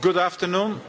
Good afternoon.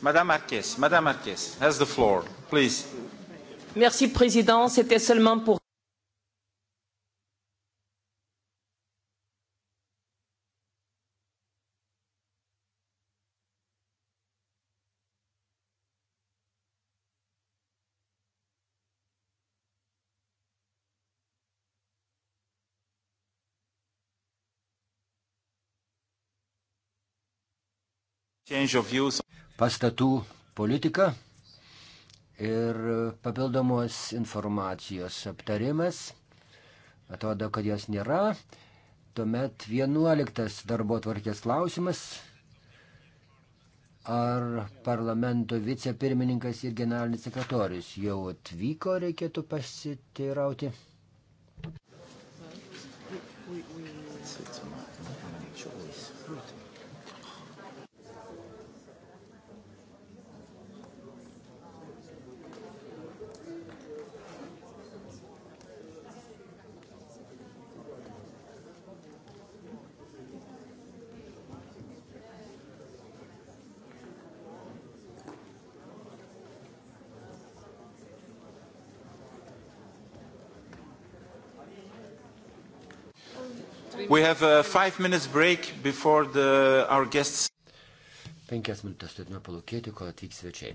Madame Marquez, Madame Marquez has the floor, please. Merci, Président. C'était seulement pour. pastatų politika ir papildomos informacijos aptarimas. Atrodo, kad jos nėra. Tuomet vienuoliktas darbo tvarkės klausimas. Ar parlamento vicepirmininkas ir generalinis sekretorius jau atvyko, reikėtų pasiteirauti. We, we, we... Penkias minutės turime palūkėti, kol atvyks svečiai.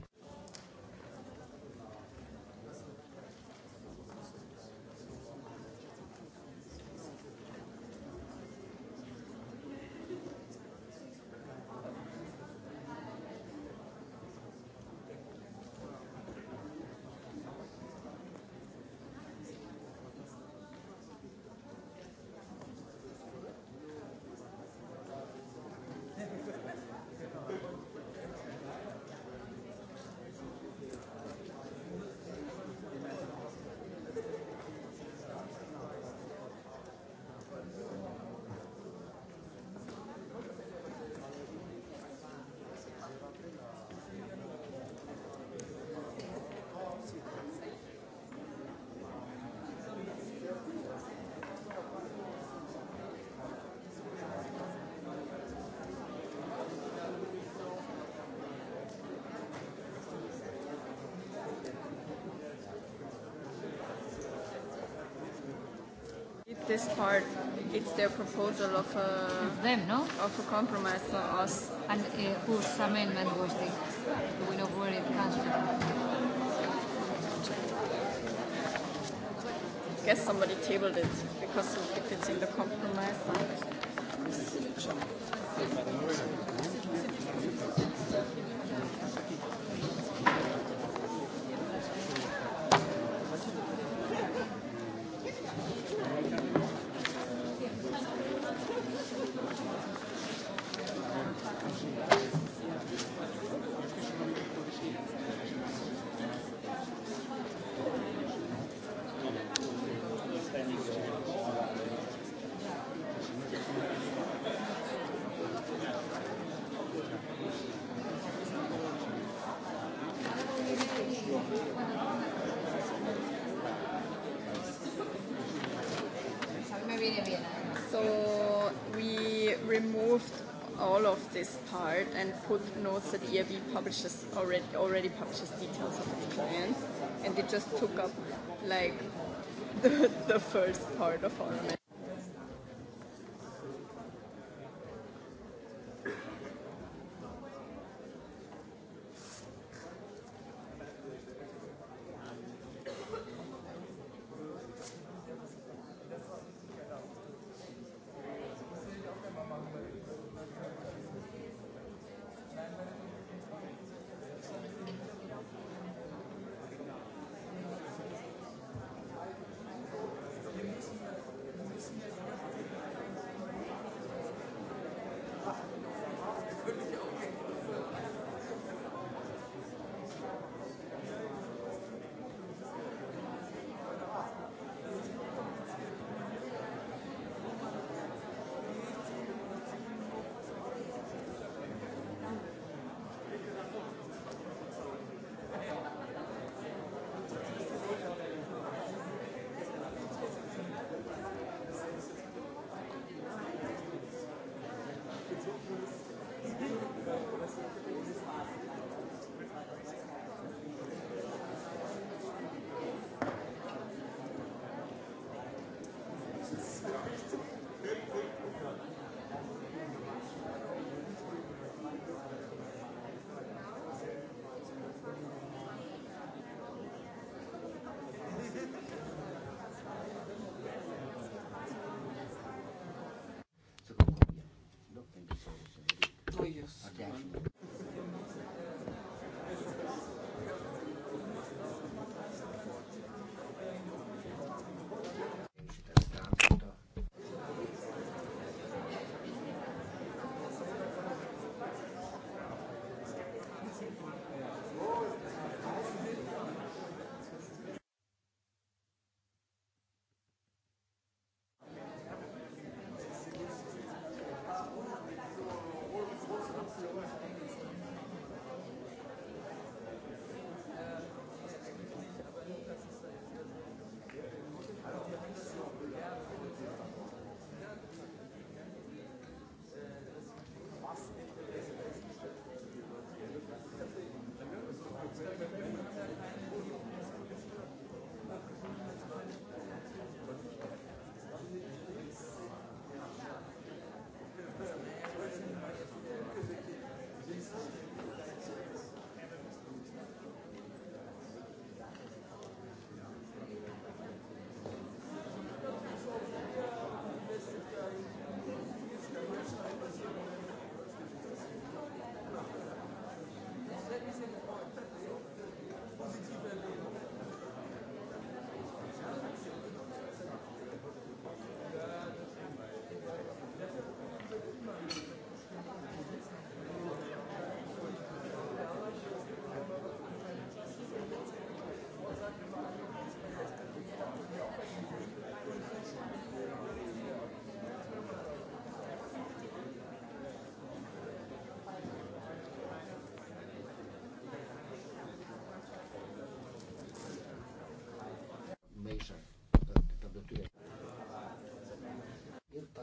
their proposal of a, it's them, no? of a compromise for us. And uh, whose amendment was this? Do we know where it comes from? I guess somebody tabled it because if it's in the compromise. Huh? put notes that ERB publishes already already publishes details of its clients, and they just took up like the, the first part of our.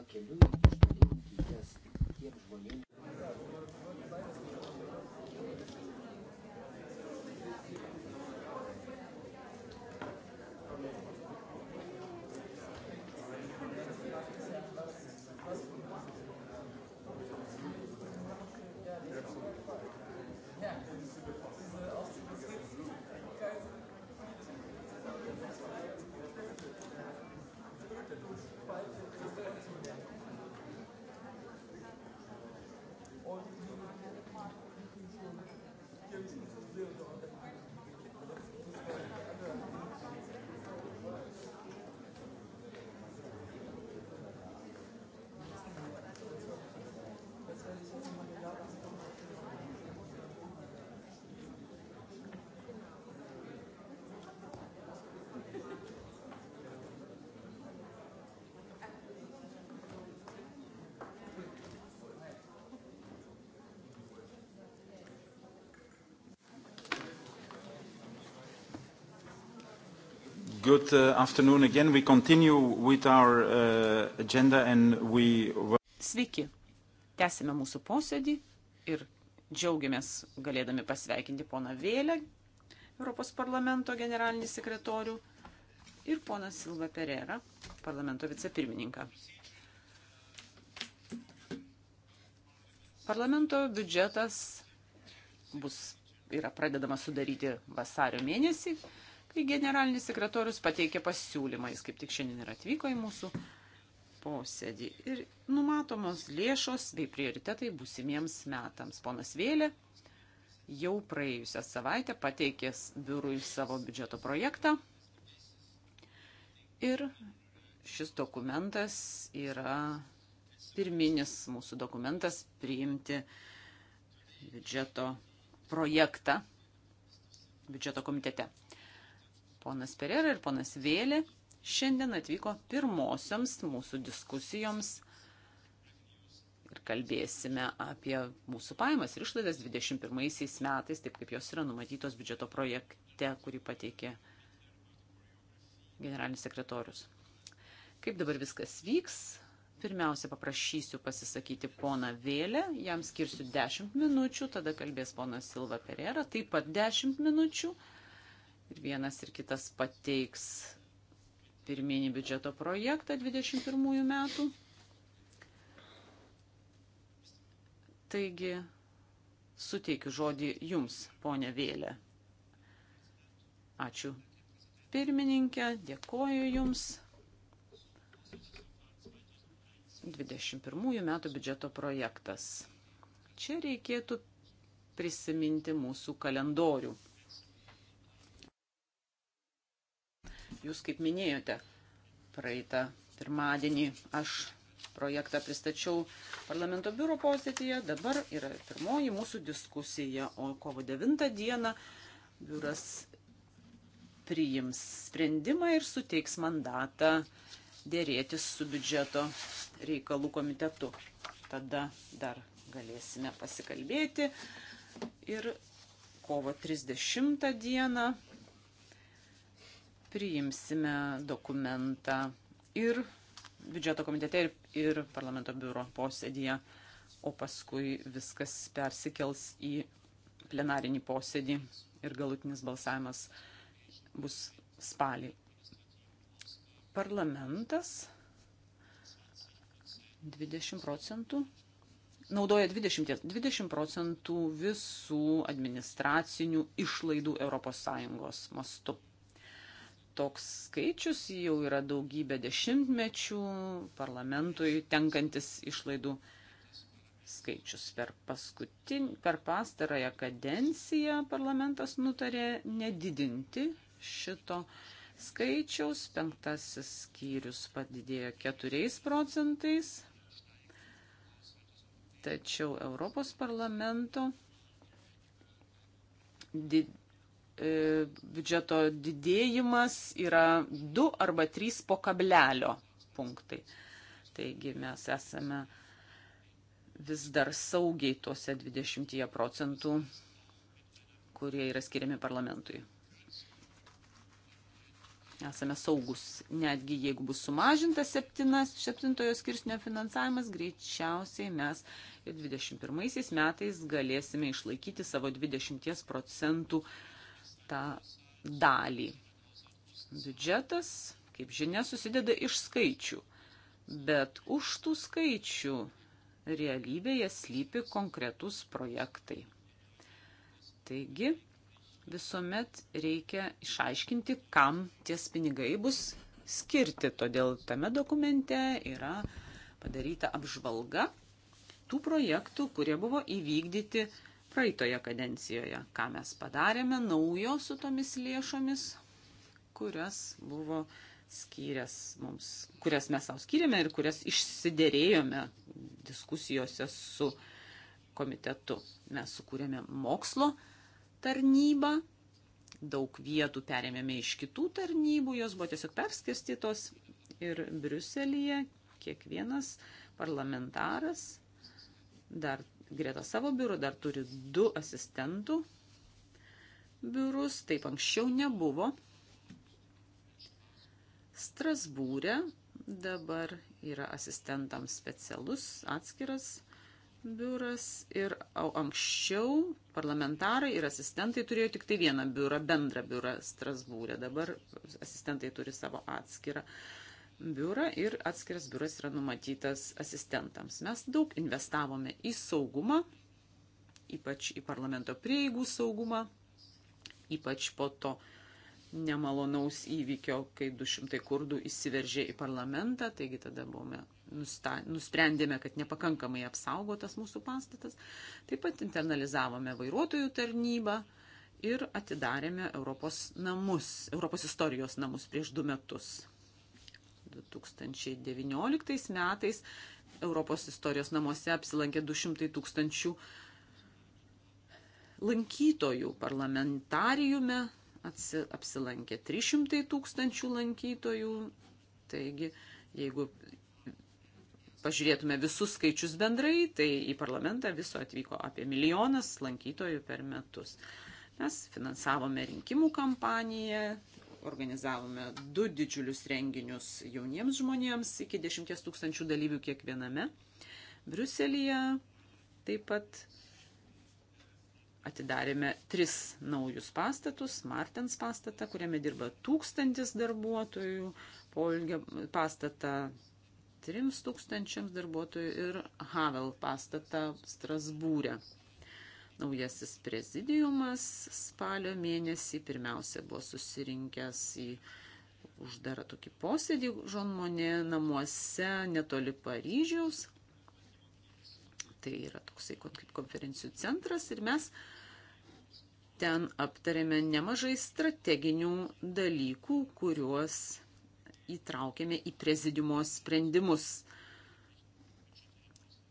pakeliui Good uh, afternoon again. We continue with our uh, agenda and we... Sveiki. Tęsime mūsų posėdį ir džiaugiamės galėdami pasveikinti poną Vėlę, Europos parlamento generalinį sekretorių ir poną Silvą Pererą, parlamento vicepirmininką. Parlamento biudžetas bus, yra pradedamas sudaryti vasario mėnesį kai generalinis sekretorius pateikė pasiūlymą, jis kaip tik šiandien ir atvyko į mūsų posėdį. Ir numatomos lėšos bei prioritetai būsimiems metams. Ponas Vėlė jau praėjusią savaitę pateikęs biurui savo biudžeto projektą. Ir šis dokumentas yra pirminis mūsų dokumentas priimti biudžeto projektą biudžeto komitete. Ponas Perera ir ponas Vėlė šiandien atvyko pirmosioms mūsų diskusijoms ir kalbėsime apie mūsų pajamas ir išlaidas 21 metais, taip kaip jos yra numatytos biudžeto projekte, kurį pateikė generalinis sekretorius. Kaip dabar viskas vyks? Pirmiausia, paprašysiu pasisakyti poną Vėlę, jam skirsiu 10 minučių, tada kalbės ponas Silva Perera, taip pat 10 minučių ir vienas ir kitas pateiks pirminį biudžeto projektą 21 metų. Taigi suteikiu žodį Jums, ponė Vėlė. Ačiū pirmininkė, dėkoju Jums. 21 metų biudžeto projektas. Čia reikėtų prisiminti mūsų kalendorių Jūs kaip minėjote, praeitą pirmadienį aš projektą pristačiau parlamento biuro posėdėje, dabar yra pirmoji mūsų diskusija, o kovo 9 dieną biuras priims sprendimą ir suteiks mandatą dėrėtis su biudžeto reikalų komitetu. Tada dar galėsime pasikalbėti ir kovo 30 dieną priimsime dokumentą ir biudžeto komitete, ir, ir parlamento biuro posėdėje, o paskui viskas persikels į plenarinį posėdį ir galutinis balsavimas bus spalį. Parlamentas 20 procentų naudoja 20, 20 procentų visų administracinių išlaidų ES mastu toks skaičius jau yra daugybė dešimtmečių parlamentui tenkantis išlaidų skaičius. Per, paskutin, per pastarąją kadenciją parlamentas nutarė nedidinti šito skaičiaus. Penktasis skyrius padidėjo 4 procentais. Tačiau Europos parlamento did, E, biudžeto didėjimas yra 2 arba 3 po kablelio punktai. Taigi mes esame vis dar saugiai tuose 20 procentų, kurie yra skiriami parlamentui. Esame saugus, netgi jeigu bus sumažintas septinas, septintojo skirsnio finansavimas, greičiausiai mes 21 metais galėsime išlaikyti savo 20 procentų uh, tą dalį. Biudžetas, kaip žinia, susideda iš skaičių, bet už tų skaičių realybėje slypi konkretus projektai. Taigi, visuomet reikia išaiškinti, kam ties pinigai bus skirti. Todėl tame dokumente yra padaryta apžvalga tų projektų, kurie buvo įvykdyti praeitoje kadencijoje, ką mes padarėme naujo su tomis lėšomis, kurias buvo skyręs mums, kurias mes savo skyrėme ir kurias išsiderėjome diskusijose su komitetu. Mes sukūrėme mokslo tarnybą, daug vietų perėmėme iš kitų tarnybų, jos buvo tiesiog perskirstytos ir Briuselyje kiekvienas parlamentaras dar greta savo biuro dar turi du asistentų biurus, taip anksčiau nebuvo. Strasbūrė dabar yra asistentams specialus atskiras biuras ir anksčiau parlamentarai ir asistentai turėjo tik tai vieną biurą, bendrą biurą Strasbūrė. Dabar asistentai turi savo atskirą biurą biurą ir atskiras biuras yra numatytas asistentams. Mes daug investavome į saugumą, ypač į parlamento prieigų saugumą, ypač po to nemalonaus įvykio, kai 200 kurdų įsiveržė į parlamentą, taigi tada buvome, nusta, nusprendėme, kad nepakankamai apsaugotas mūsų pastatas. Taip pat internalizavome vairuotojų tarnybą ir atidarėme Europos namus, Europos istorijos namus prieš du metus 2019 metais Europos istorijos namuose apsilankė 200 tūkstančių lankytojų parlamentarijume, apsilankė 300 tūkstančių lankytojų. Taigi, jeigu pažiūrėtume visus skaičius bendrai, tai į parlamentą viso atvyko apie milijonas lankytojų per metus. Mes finansavome rinkimų kampaniją, organizavome du didžiulius renginius jauniems žmonėms iki 10 tūkstančių dalyvių kiekviename. Briuselėje taip pat atidarėme tris naujus pastatus. Martens pastatą, kuriame dirba tūkstantis darbuotojų, Polgio pastatą 3000 darbuotojų ir Havel pastatą Strasbūrė. E Naujasis prezidiumas spalio mėnesį pirmiausia buvo susirinkęs į uždarą tokį posėdį Žonmonė namuose netoli Paryžiaus. Tai yra toksai kaip konferencijų centras ir mes ten aptarėme nemažai strateginių dalykų, kuriuos įtraukėme į prezidiumo sprendimus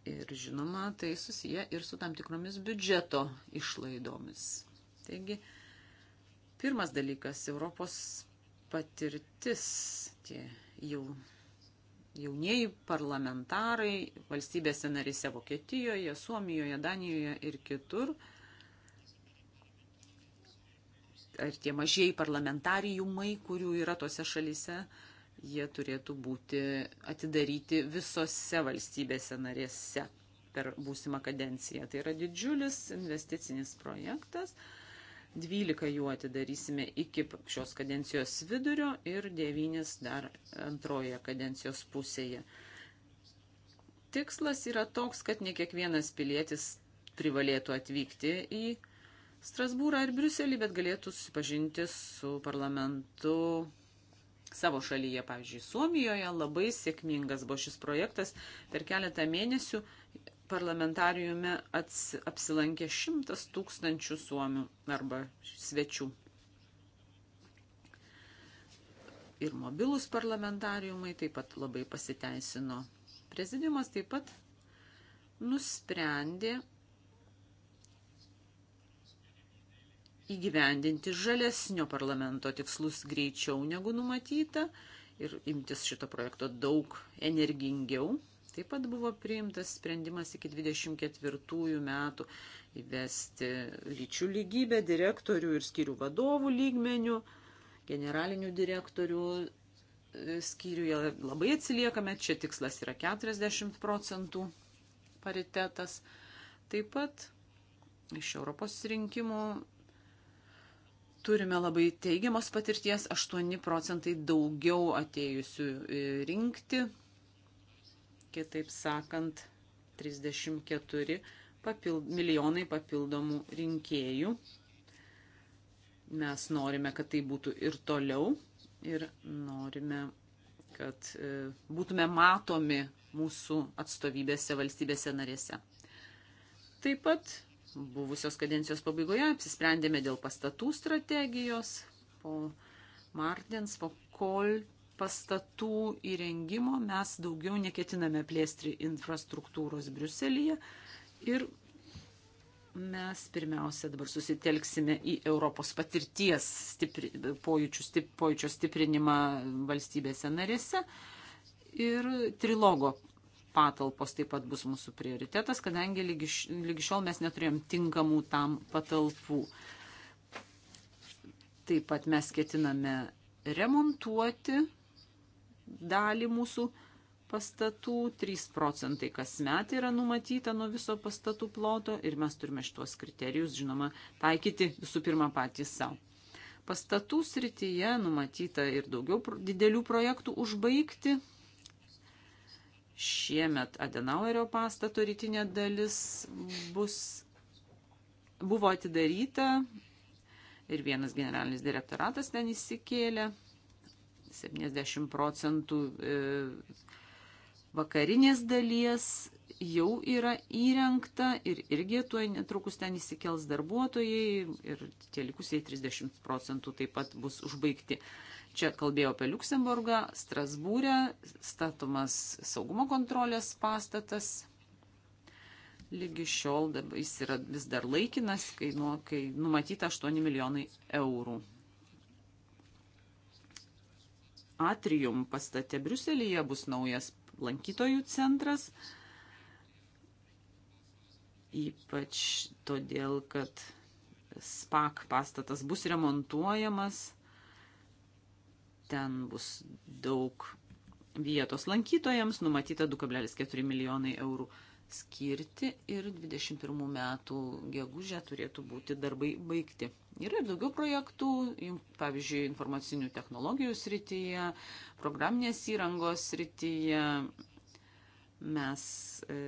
Ir žinoma, tai susiję ir su tam tikromis biudžeto išlaidomis. Taigi, pirmas dalykas - Europos patirtis, tie jau jaunieji parlamentarai valstybėse narise Vokietijoje, Suomijoje, Danijoje ir kitur. Ar tie mažieji parlamentariumai, kurių yra tose šalyse, uh, jie turėtų būti atidaryti visose valstybėse narėse per būsimą kadenciją. Tai yra didžiulis investicinis projektas. 12 jų atidarysime iki šios kadencijos vidurio ir 9 dar antroje kadencijos pusėje. Tikslas yra toks, kad ne kiekvienas pilietis privalėtų atvykti į Strasbūrą ar Briuselį, bet galėtų susipažinti su parlamentu savo šalyje, pavyzdžiui, Suomijoje labai sėkmingas buvo šis projektas. Per keletą mėnesių parlamentariume ats, apsilankė šimtas tūkstančių suomių arba svečių. Ir mobilus parlamentariumai taip pat labai pasiteisino. Prezidiumas taip pat nusprendė įgyvendinti žalesnio parlamento tikslus greičiau negu numatyta ir imtis šito projekto daug energingiau. Taip pat buvo priimtas sprendimas iki 24 metų įvesti lyčių lygybę direktorių ir skyrių vadovų lygmenių, generalinių direktorių e, skyriuje labai atsiliekame, čia tikslas yra 40 procentų paritetas. Taip pat iš Europos rinkimų turime labai teigiamos patirties, 8 procentai daugiau atėjusių e, rinkti, kitaip sakant, 34 papild, milijonai papildomų rinkėjų. Mes norime, kad tai būtų ir toliau ir norime, kad e, būtume matomi mūsų atstovybėse valstybėse narėse. Taip pat buvusios kadencijos pabaigoje apsisprendėme dėl pastatų strategijos, po Martins, po Kol pastatų įrengimo mes daugiau neketiname plėsti infrastruktūros Briuselyje ir mes pirmiausia dabar susitelksime į Europos patirties stipri, pojūčių, stip, pojūčio stiprinimą valstybėse narėse ir trilogo patalpos taip pat bus mūsų prioritetas, kadangi lygi, lygi šiol mes neturėjom tinkamų tam patalpų. Taip pat mes ketiname remontuoti dalį mūsų pastatų, 3 procentai kasmet yra numatyta nuo viso pastatų ploto ir mes turime šitos kriterijus, žinoma, taikyti visų pirma patys savo. Pastatų srityje numatyta ir daugiau didelių projektų užbaigti Šiemet Adenauerio pastato rytinė dalis bus, buvo atidaryta ir vienas generalinis direktoratas ten įsikėlė. 70 procentų e, vakarinės dalies jau yra įrengta ir irgi tuo netrukus ten įsikels darbuotojai ir tie likusiai 30 procentų taip pat bus užbaigti. Čia kalbėjau apie Luksemburgą, Strasbūrę, statomas saugumo kontrolės pastatas. Lygi šiol dabar, jis yra vis dar laikinas, kai, nu, kai numatyta 8 milijonai eurų. Atrium pastate Briuselėje bus naujas lankytojų centras. Ypač todėl, kad SPAC pastatas bus remontuojamas Ten bus daug vietos lankytojams, numatyta 2,4 milijonai eurų skirti ir 21 metų gegužę turėtų būti darbai baigti. Yra ir daugiau projektų, pavyzdžiui, informacinių technologijų srityje, programinės įrangos srityje. Mes e,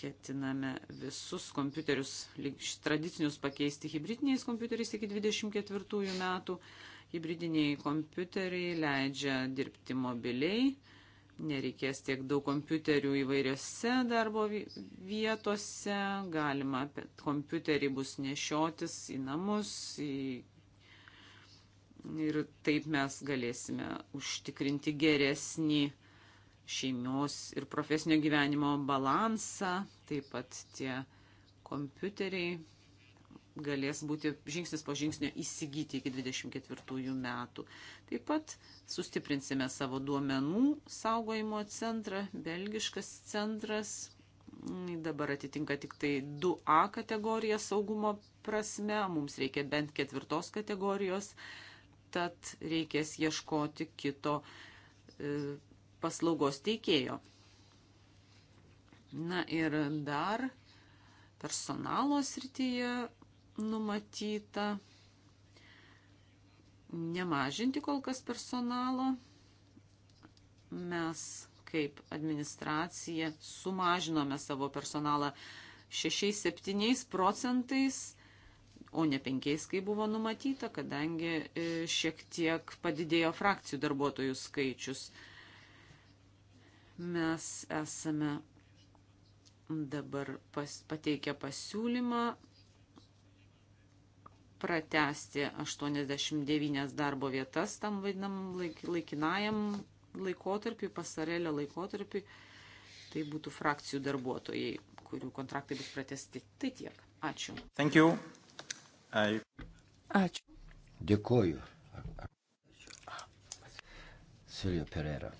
ketiname visus kompiuterius, tradicinius pakeisti hybridiniais kompiuteriais iki 24 metų. E, Hybridiniai kompiuteriai leidžia dirbti mobiliai, nereikės tiek daug kompiuterių įvairiose darbo vietose, galima kompiuterį bus nešiotis į namus, į ir taip mes galėsime užtikrinti geresnį šeimos ir profesinio gyvenimo balansą, taip pat tie kompiuteriai galės būti žingsnis po žingsnio įsigyti iki 24 metų. Taip pat sustiprinsime savo duomenų saugojimo centrą, belgiškas centras. Dabar atitinka tik tai 2A kategorija saugumo prasme, mums reikia bent ketvirtos kategorijos, tad reikės ieškoti kito e, paslaugos teikėjo. Na ir dar personalo srityje numatyta nemažinti kol kas personalo. Mes kaip administracija sumažinome savo personalą 6-7 procentais, o ne 5, kai buvo numatyta, kadangi e, šiek tiek padidėjo frakcijų darbuotojų skaičius. Mes esame dabar pas, pateikę pasiūlymą pratesti 89 darbo vietas tam vadinam laik, laikinajam laikotarpiu, pasarelio laikotarpiu. Tai būtų frakcijų darbuotojai, kurių kontraktai bus pratesti. Tai tiek. Ačiū. Thank you. I... Ačiū. Dėkoju. Silvio Pereira.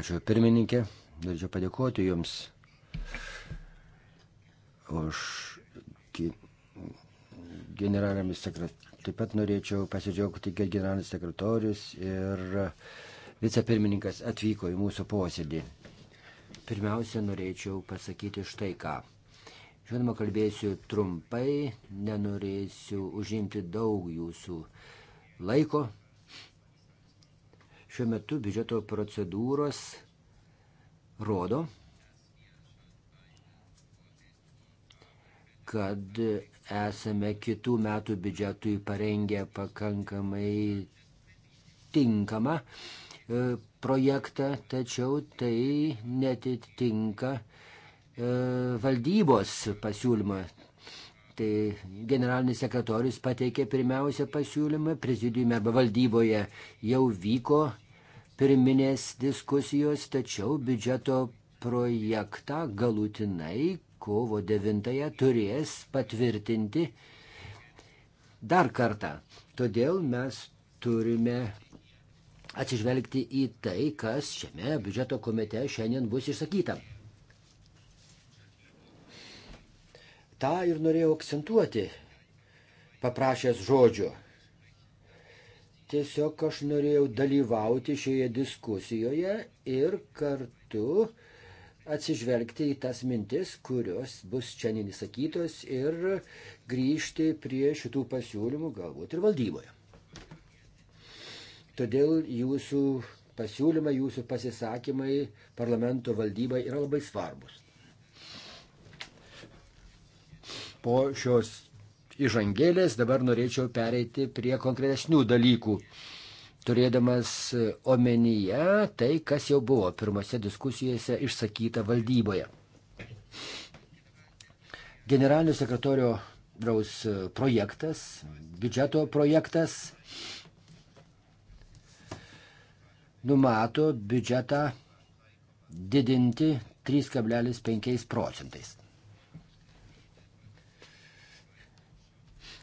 Ačiū pirmininkė. Norėčiau padėkoti Jums už generaliniam sekretoriui. Taip pat norėčiau pasidžiaugti, kad generalinis sekretorius ir vicepirmininkas atvyko į mūsų posėdį. Pirmiausia, norėčiau pasakyti štai ką. Žinoma, kalbėsiu trumpai, nenorėsiu užimti daug jūsų laiko. Šiuo metu biudžeto procedūros rodo, kad esame kitų metų biudžetui parengę pakankamai tinkamą e, projektą, tačiau tai netitinka e, valdybos pasiūlymą. Tai generalinis sekretorius pateikė pirmiausią pasiūlymą, prezidiume arba valdyboje jau vyko pirminės diskusijos, tačiau biudžeto projektą galutinai kovo 9 turės patvirtinti dar kartą. Todėl mes turime atsižvelgti į tai, kas šiame biudžeto komite šiandien bus išsakyta. Ta ir norėjau akcentuoti, paprašęs žodžio. Tiesiog aš norėjau dalyvauti šioje diskusijoje ir kartu atsižvelgti į tas mintis, kurios bus šiandien įsakytos ir grįžti prie šitų pasiūlymų galbūt ir valdyboje. Todėl jūsų pasiūlymai, jūsų pasisakymai parlamento valdybai yra labai svarbus. Po šios įžangėlės dabar norėčiau pereiti prie konkretesnių dalykų turėdamas e, omenyje tai, kas jau buvo pirmose diskusijose išsakyta valdyboje. Generalinio sekretorio draus e, projektas, biudžeto projektas numato biudžetą didinti 3,5 procentais.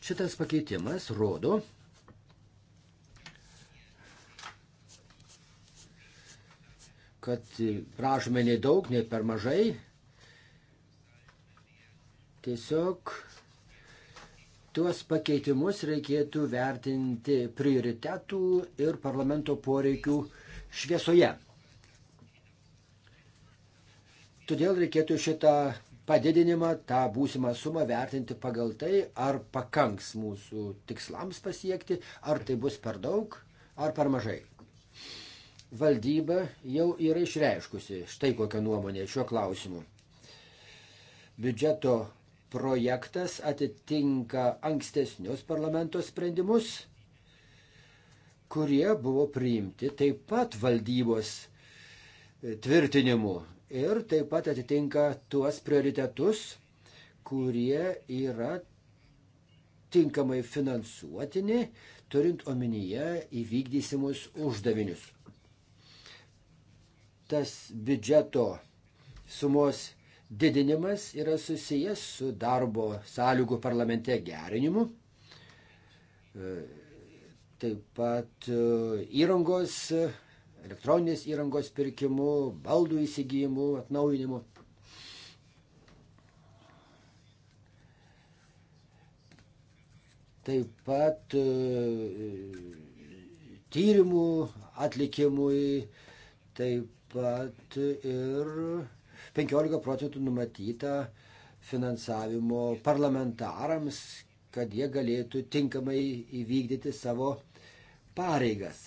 Šitas pakeitimas rodo, kad prašome nei daug, nei per mažai. Tiesiog tuos pakeitimus reikėtų vertinti prioritetų ir parlamento poreikių šviesoje. Todėl reikėtų šitą padidinimą, tą būsimą sumą vertinti pagal tai, ar pakanks mūsų tikslams pasiekti, ar tai bus per daug, ar per mažai valdyba jau yra išreiškusi štai kokią nuomonę šiuo klausimu. Biudžeto projektas atitinka ankstesnius parlamento sprendimus, kurie buvo priimti taip pat valdybos e, tvirtinimu ir taip pat atitinka tuos prioritetus, kurie yra tinkamai finansuotini, turint omenyje įvykdysimus uždavinius tas biudžeto sumos didinimas yra susijęs su darbo sąlygų parlamente gerinimu, e, taip pat e, įrangos, elektroninės įrangos pirkimu, baldų įsigijimu, atnaujinimu. Taip pat e, tyrimų atlikimui, taip pat ir 15 procentų numatyta finansavimo parlamentarams, kad jie galėtų tinkamai įvykdyti savo pareigas.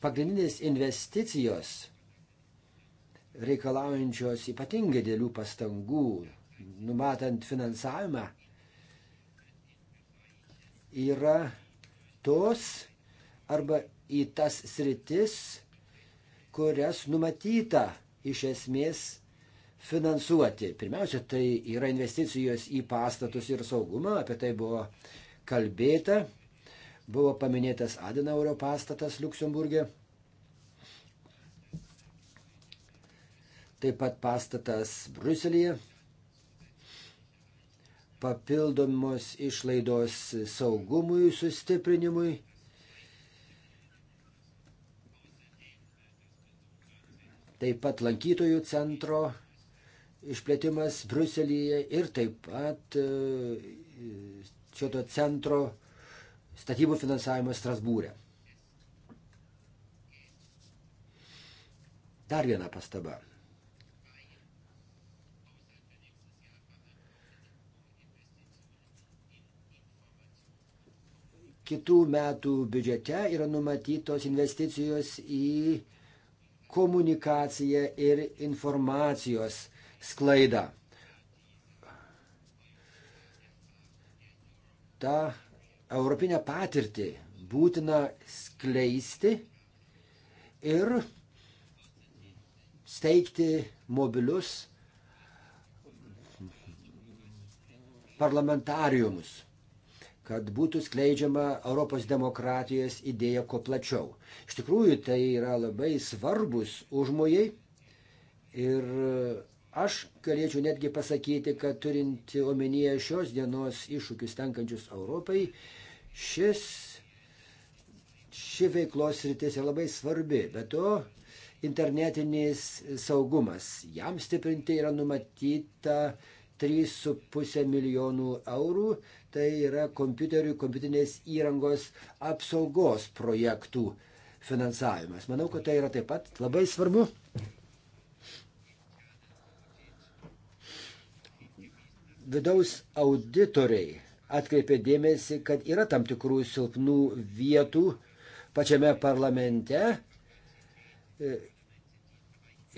Pagrindinės investicijos reikalaujančios ypatingai dėlių pastangų, numatant finansavimą, yra tos arba į tas sritis, kurias numatyta iš esmės finansuoti. Pirmiausia, tai yra investicijos į pastatus ir saugumą, apie tai buvo kalbėta. Buvo paminėtas Adenauro pastatas Luksemburgė. Taip pat pastatas Bruselėje. Papildomos išlaidos saugumui sustiprinimui taip pat lankytojų centro išplėtimas Bruselėje ir taip pat e, šito centro statybų finansavimas Strasbūrė. Dar viena pastaba. Kitų metų biudžete yra numatytos investicijos į komunikaciją ir informacijos sklaidą. Ta europinę patirtį būtina skleisti ir steigti mobilius parlamentariumus kad būtų skleidžiama Europos demokratijos idėja kuo plačiau. Iš tikrųjų, tai yra labai svarbus užmojai ir aš galėčiau netgi pasakyti, kad turint omenyje šios dienos iššūkius tenkančius Europai, šis, ši veiklos rytis yra labai svarbi. Be to, internetinis saugumas. Jam stiprinti yra numatyta 3,5 milijonų eurų, tai yra kompiuterių, kompiuterinės įrangos apsaugos projektų finansavimas. Manau, kad tai yra taip pat labai svarbu. Vidaus auditoriai atkreipė dėmesį, kad yra tam tikrų silpnų vietų pačiame parlamente e,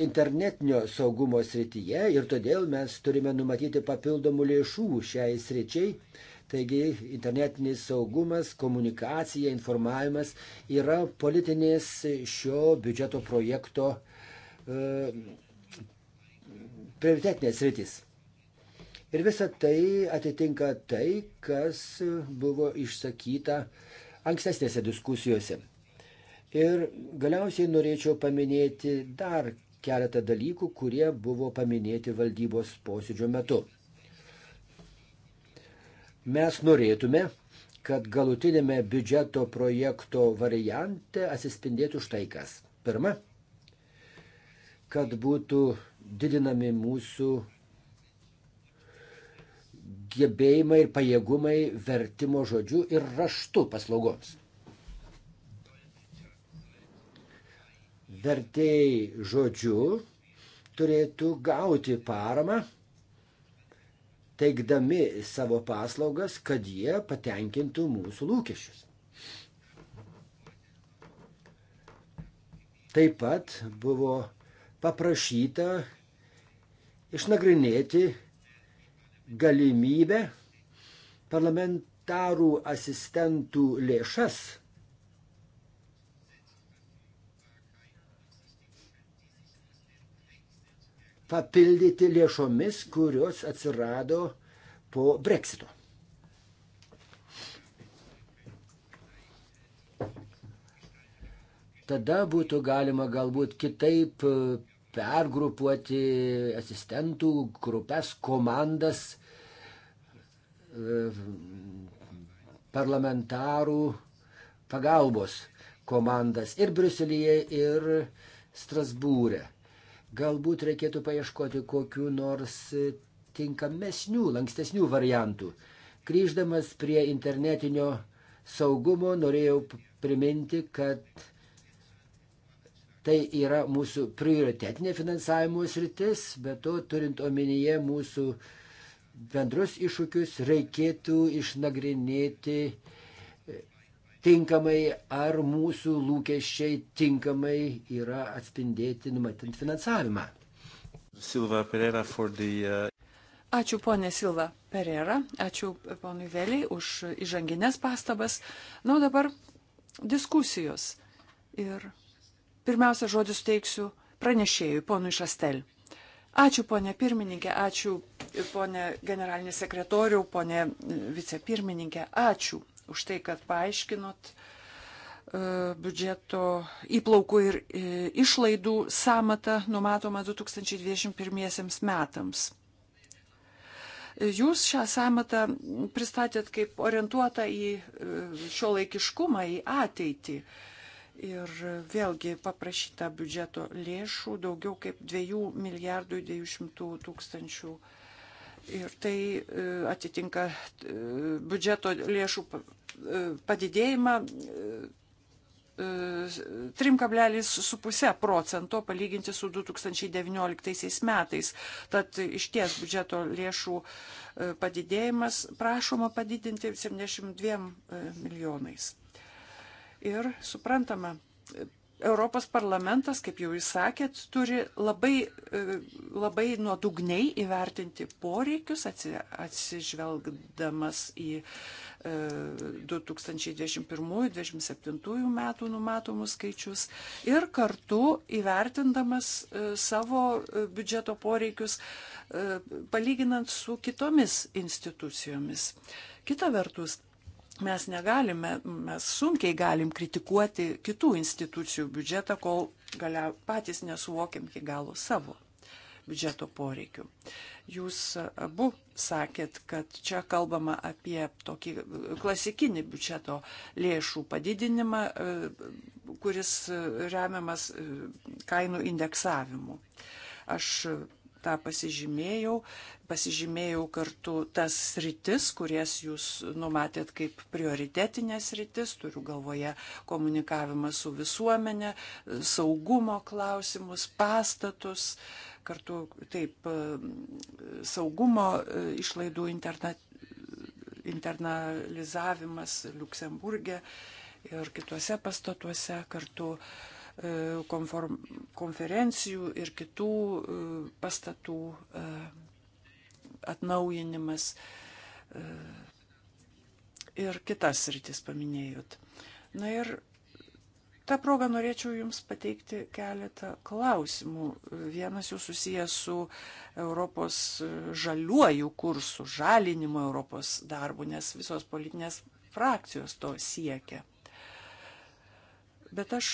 internetinio saugumo srityje ir todėl mes turime numatyti papildomų lėšų šiai sričiai Taigi internetinis saugumas, komunikacija, informavimas yra politinės šio biudžeto projekto e, prioritetinės rytis. Ir visa tai atitinka tai, kas buvo išsakyta ankstesnėse diskusijose. Ir galiausiai norėčiau paminėti dar keletą dalykų, kurie buvo paminėti valdybos posėdžio metu. Mes norėtume, kad galutinėme biudžeto projekto variante atsispindėtų štai kas. Pirma, kad būtų didinami mūsų gebėjimai ir pajėgumai vertimo žodžiu ir raštu paslaugoms. Vertėjai žodžiu turėtų gauti paramą teikdami savo paslaugas, kad jie patenkintų mūsų lūkesčius. Taip pat buvo paprašyta išnagrinėti galimybę parlamentarų asistentų lėšas papildyti lėšomis, kurios atsirado po breksito. Tada būtų galima galbūt kitaip e, pergrupuoti asistentų grupės, komandas e, parlamentarų pagalbos komandas ir Briuselėje, ir Strasbūre. Galbūt reikėtų paieškoti kokių nors e, tinkamesnių, lankstesnių variantų. Grįždamas prie internetinio saugumo, norėjau priminti, kad tai yra mūsų prioritetinė finansavimo sritis, bet to turint omenyje mūsų bendrus iššūkius, reikėtų išnagrinėti tinkamai, ar mūsų lūkesčiai tinkamai yra atspindėti numatant finansavimą. Silva Pereira for the. Uh, ačiū ponė Silva Pereira, ačiū ponui Veliai už įžanginės pastabas. Na, o dabar diskusijos. Ir pirmiausia, žodį suteiksiu pranešėjui, ponui Šastel. Ačiū ponė pirmininkė, ačiū ponė generalinė sekretorių, ponė vicepirmininkė, ačiū už tai, kad paaiškinot e, biudžeto įplaukų ir e, išlaidų samatą numatomą 2021 metams. E, jūs šią samatą pristatėt kaip orientuotą į šio laikiškumą, į ateitį. Ir vėlgi paprašyta biudžeto lėšų daugiau kaip 2 milijardų 200 tūkstančių eurų Ir tai e, atitinka e, biudžeto lėšų e, padidėjimą 3,5 procento palyginti su 2019 metais. Tad iš ties biudžeto lėšų padidėjimas prašoma padidinti 72 milijonais. Ir suprantama, Europos parlamentas, kaip jau jūs sakėt, turi labai, e, labai nuodugniai įvertinti poreikius, atsižvelgdamas į 2021-2027 e, metų numatomus skaičius ir kartu įvertindamas e, savo biudžeto poreikius palyginant su kitomis institucijomis. Kita vertus, mes negalime, mes sunkiai galim kritikuoti kitų institucijų biudžetą, kol galia, patys nesuvokiam iki galo savo biudžeto poreikių. Jūs abu sakėt, kad čia kalbama apie tokį klasikinį biudžeto lėšų padidinimą, kuris remiamas kainų indeksavimu. Aš tą pasižymėjau, pasižymėjau kartu tas sritis, kurias jūs numatėt kaip prioritetinės sritis, turiu galvoje komunikavimą su visuomenė, saugumo klausimus, pastatus, kartu taip saugumo e, išlaidų interna, internalizavimas Luksemburgė ir kituose pastatuose kartu uh, E, konform, konferencijų ir kitų e, pastatų e, atnaujinimas ir kitas rytis paminėjot. Na ir tą progą norėčiau Jums pateikti keletą klausimų. Vienas jų susijęs su Europos žaliuoju kursu, žalinimo Europos darbu, nes visos politinės frakcijos to siekia. Bet aš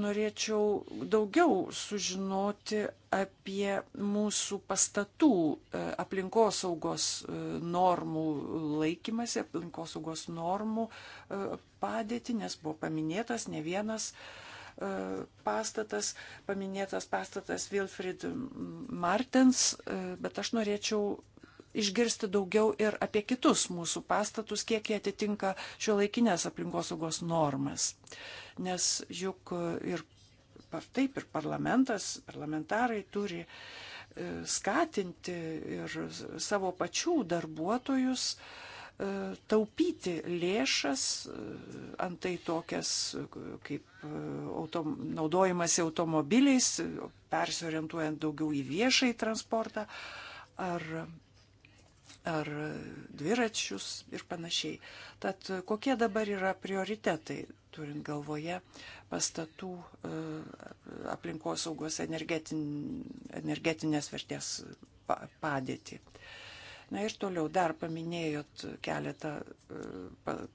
norėčiau daugiau sužinoti apie mūsų pastatų e, aplinkosaugos e, normų laikymasi, aplinkosaugos normų e, padėtį, nes buvo paminėtas ne vienas pastatas, paminėtas pastatas Wilfried Martens, bet aš norėčiau išgirsti daugiau ir apie kitus mūsų pastatus, kiek jie atitinka šio laikinės aplinkosaugos normas. Nes juk e, ir taip ir parlamentas, parlamentarai turi e, skatinti ir savo pačių darbuotojus e, taupyti lėšas, antai tokias kaip autom, naudojimas automobiliais, persiorientuojant daugiau į viešai transportą ar ar dviračius ir panašiai. Tad kokie dabar yra prioritetai, turint galvoje pastatų e, aplinkosaugos energetin, energetinės vertės padėtį. Na ir toliau dar paminėjot keletą e,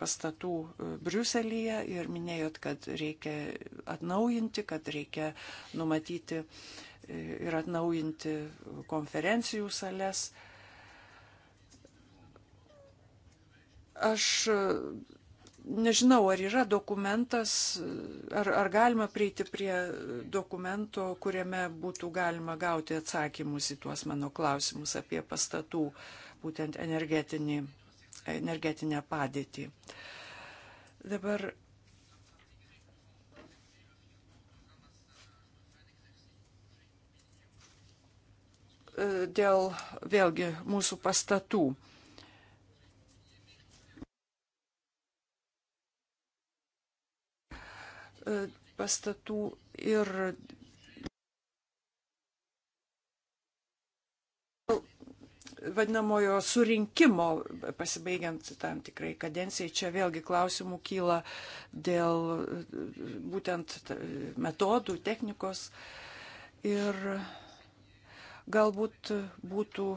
pastatų e, Briuselyje ir minėjot, kad reikia atnaujinti, kad reikia numatyti ir atnaujinti konferencijų sales Aš e, nežinau, ar yra dokumentas, ar, ar galima prieiti prie dokumento, kuriame būtų galima gauti atsakymus į tuos mano klausimus apie pastatų, būtent energetinį, energetinę padėtį. Dabar e, dėl vėlgi mūsų pastatų. E, pastatų ir vadinamojo surinkimo, pasibaigiant tam tikrai kadencijai, čia vėlgi klausimų kyla dėl e, būtent metodų, technikos ir galbūt būtų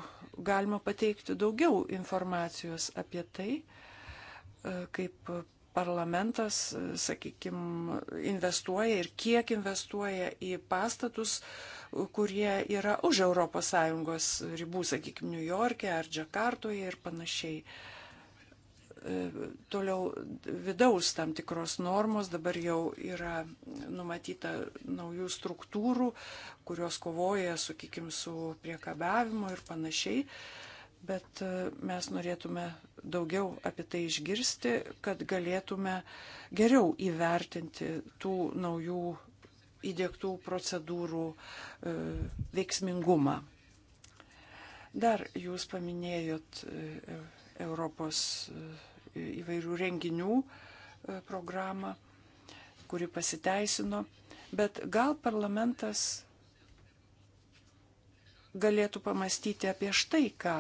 galima pateikti daugiau informacijos apie tai, e, kaip parlamentas, sakykime, investuoja ir kiek investuoja į pastatus, kurie yra už ES ribų, sakykime, New York'e ar Džakartoje ir panašiai e, toliau vidaus tam tikros normos dabar jau yra numatyta naujų struktūrų, kurios kovoja, sakykime, su priekabiavimu ir panašiai. Bet e, mes norėtume daugiau apie tai išgirsti, kad galėtume geriau įvertinti tų naujų įdėktų procedūrų e, veiksmingumą. Dar jūs paminėjot e, Europos e, įvairių renginių programą, kuri pasiteisino, bet gal parlamentas galėtų pamastyti apie štai ką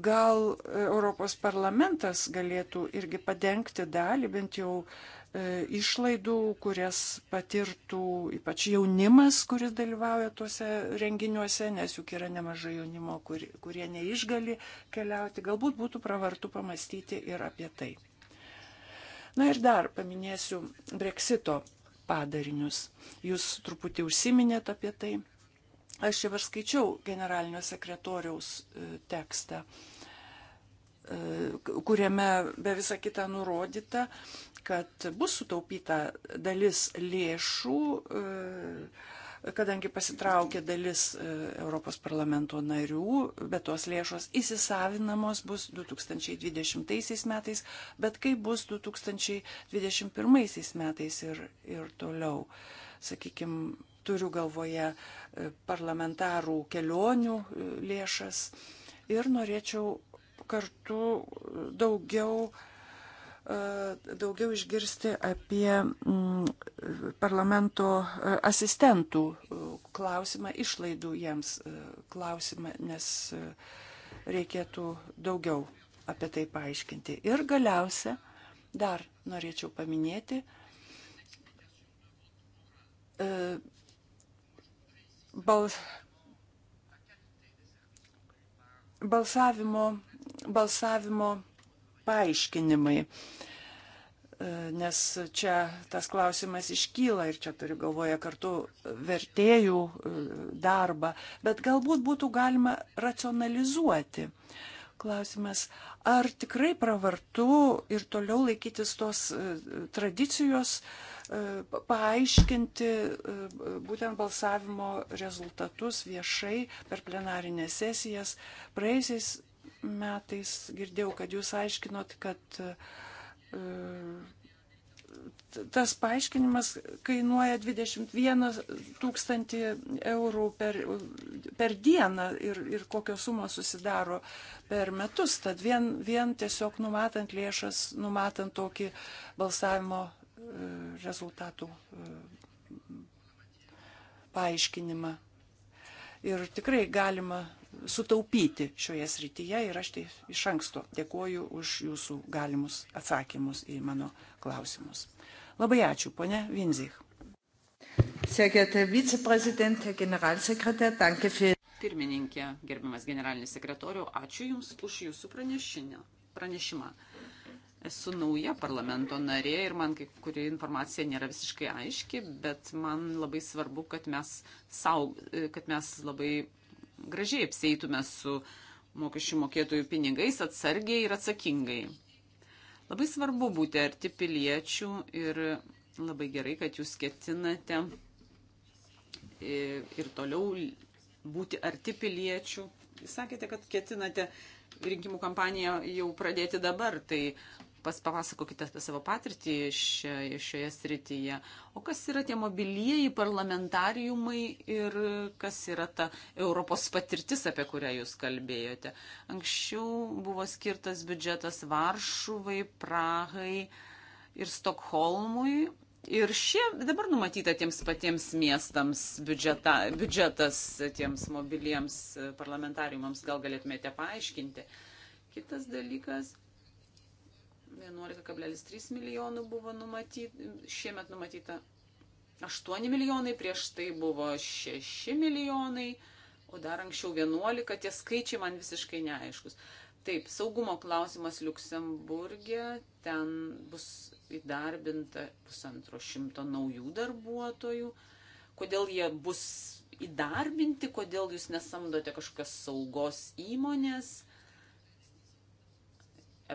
gal e, Europos parlamentas galėtų irgi padengti dalį bent jau e, išlaidų, kurias patirtų ypač jaunimas, kuris dalyvauja tuose renginiuose, nes juk yra nemažai jaunimo, kur, kurie neišgali keliauti. Galbūt būtų pravartu pamastyti ir apie tai. Na ir dar paminėsiu Brexito padarinius. Jūs truputį užsiminėt apie tai. Aš jau ir skaičiau generalinio sekretoriaus e, tekstą, e, kuriame be visą kitą nurodyta, kad bus sutaupyta dalis lėšų, e, kadangi pasitraukė dalis Europos parlamento narių, bet tos lėšos įsisavinamos bus 2020 metais, bet kaip bus 2021 metais ir, ir toliau, sakykime, turiu galvoje e, parlamentarų kelionių e, lėšas ir norėčiau kartu daugiau e, daugiau išgirsti apie mm, parlamento asistentų klausimą, išlaidų jiems klausimą, nes reikėtų daugiau apie tai paaiškinti. Ir galiausia, dar norėčiau paminėti bals, balsavimo, balsavimo paaiškinimai. E, nes čia tas klausimas iškyla ir čia turiu galvoje kartu vertėjų e, darbą, bet galbūt būtų galima racionalizuoti klausimas, ar tikrai pravartu ir toliau laikytis tos e, tradicijos, E, paaiškinti e, būtent balsavimo rezultatus viešai per plenarinės sesijas. Praėjusiais metais girdėjau, kad jūs aiškinot, kad e, tas paaiškinimas kainuoja 21 tūkstantį eurų per, per dieną ir, ir kokios sumos susidaro per metus. Tad vien, vien tiesiog numatant lėšas, numatant tokį balsavimo E, rezultatų e, paaiškinimą. Ir tikrai galima sutaupyti šioje srityje ir aš tai iš anksto dėkoju už jūsų galimus atsakymus į mano klausimus. Labai ačiū, ponė Vinzich. Pirmininkė, gerbiamas generalinis sekretoriau, ačiū Jums už Jūsų pranešimą esu nauja parlamento narė ir man kai kuri informacija nėra visiškai aiški, bet man labai svarbu, kad mes, saug, kad mes labai gražiai apseitume su mokesčių mokėtojų pinigais atsargiai ir atsakingai. Labai svarbu būti arti piliečių ir labai gerai, kad jūs ketinate e, ir toliau būti arti piliečių. Jūs sakėte, kad ketinate uh, rinkimų kampaniją jau pradėti dabar, tai pas papasakokite apie savo patirtį šioje, šioje srityje. O kas yra tie mobilieji parlamentariumai ir kas yra ta Europos patirtis, apie kurią jūs kalbėjote? Anksčiau buvo skirtas biudžetas Varšuvai, Prahai ir Stokholmui, Ir šie dabar numatyta tiems patiems miestams biudžeta, biudžetas tiems mobiliems parlamentariumams, gal galėtumėte paaiškinti. Kitas dalykas, 11,3 milijonų buvo numatyta, šiemet numatyta 8 milijonai, prieš tai buvo 6 milijonai, o dar anksčiau 11, tie skaičiai man visiškai neaiškus. Taip, saugumo klausimas Luksemburgė, ten bus įdarbinta pusantro šimto naujų darbuotojų. Kodėl jie bus įdarbinti, kodėl jūs nesamdote kažkokios saugos įmonės.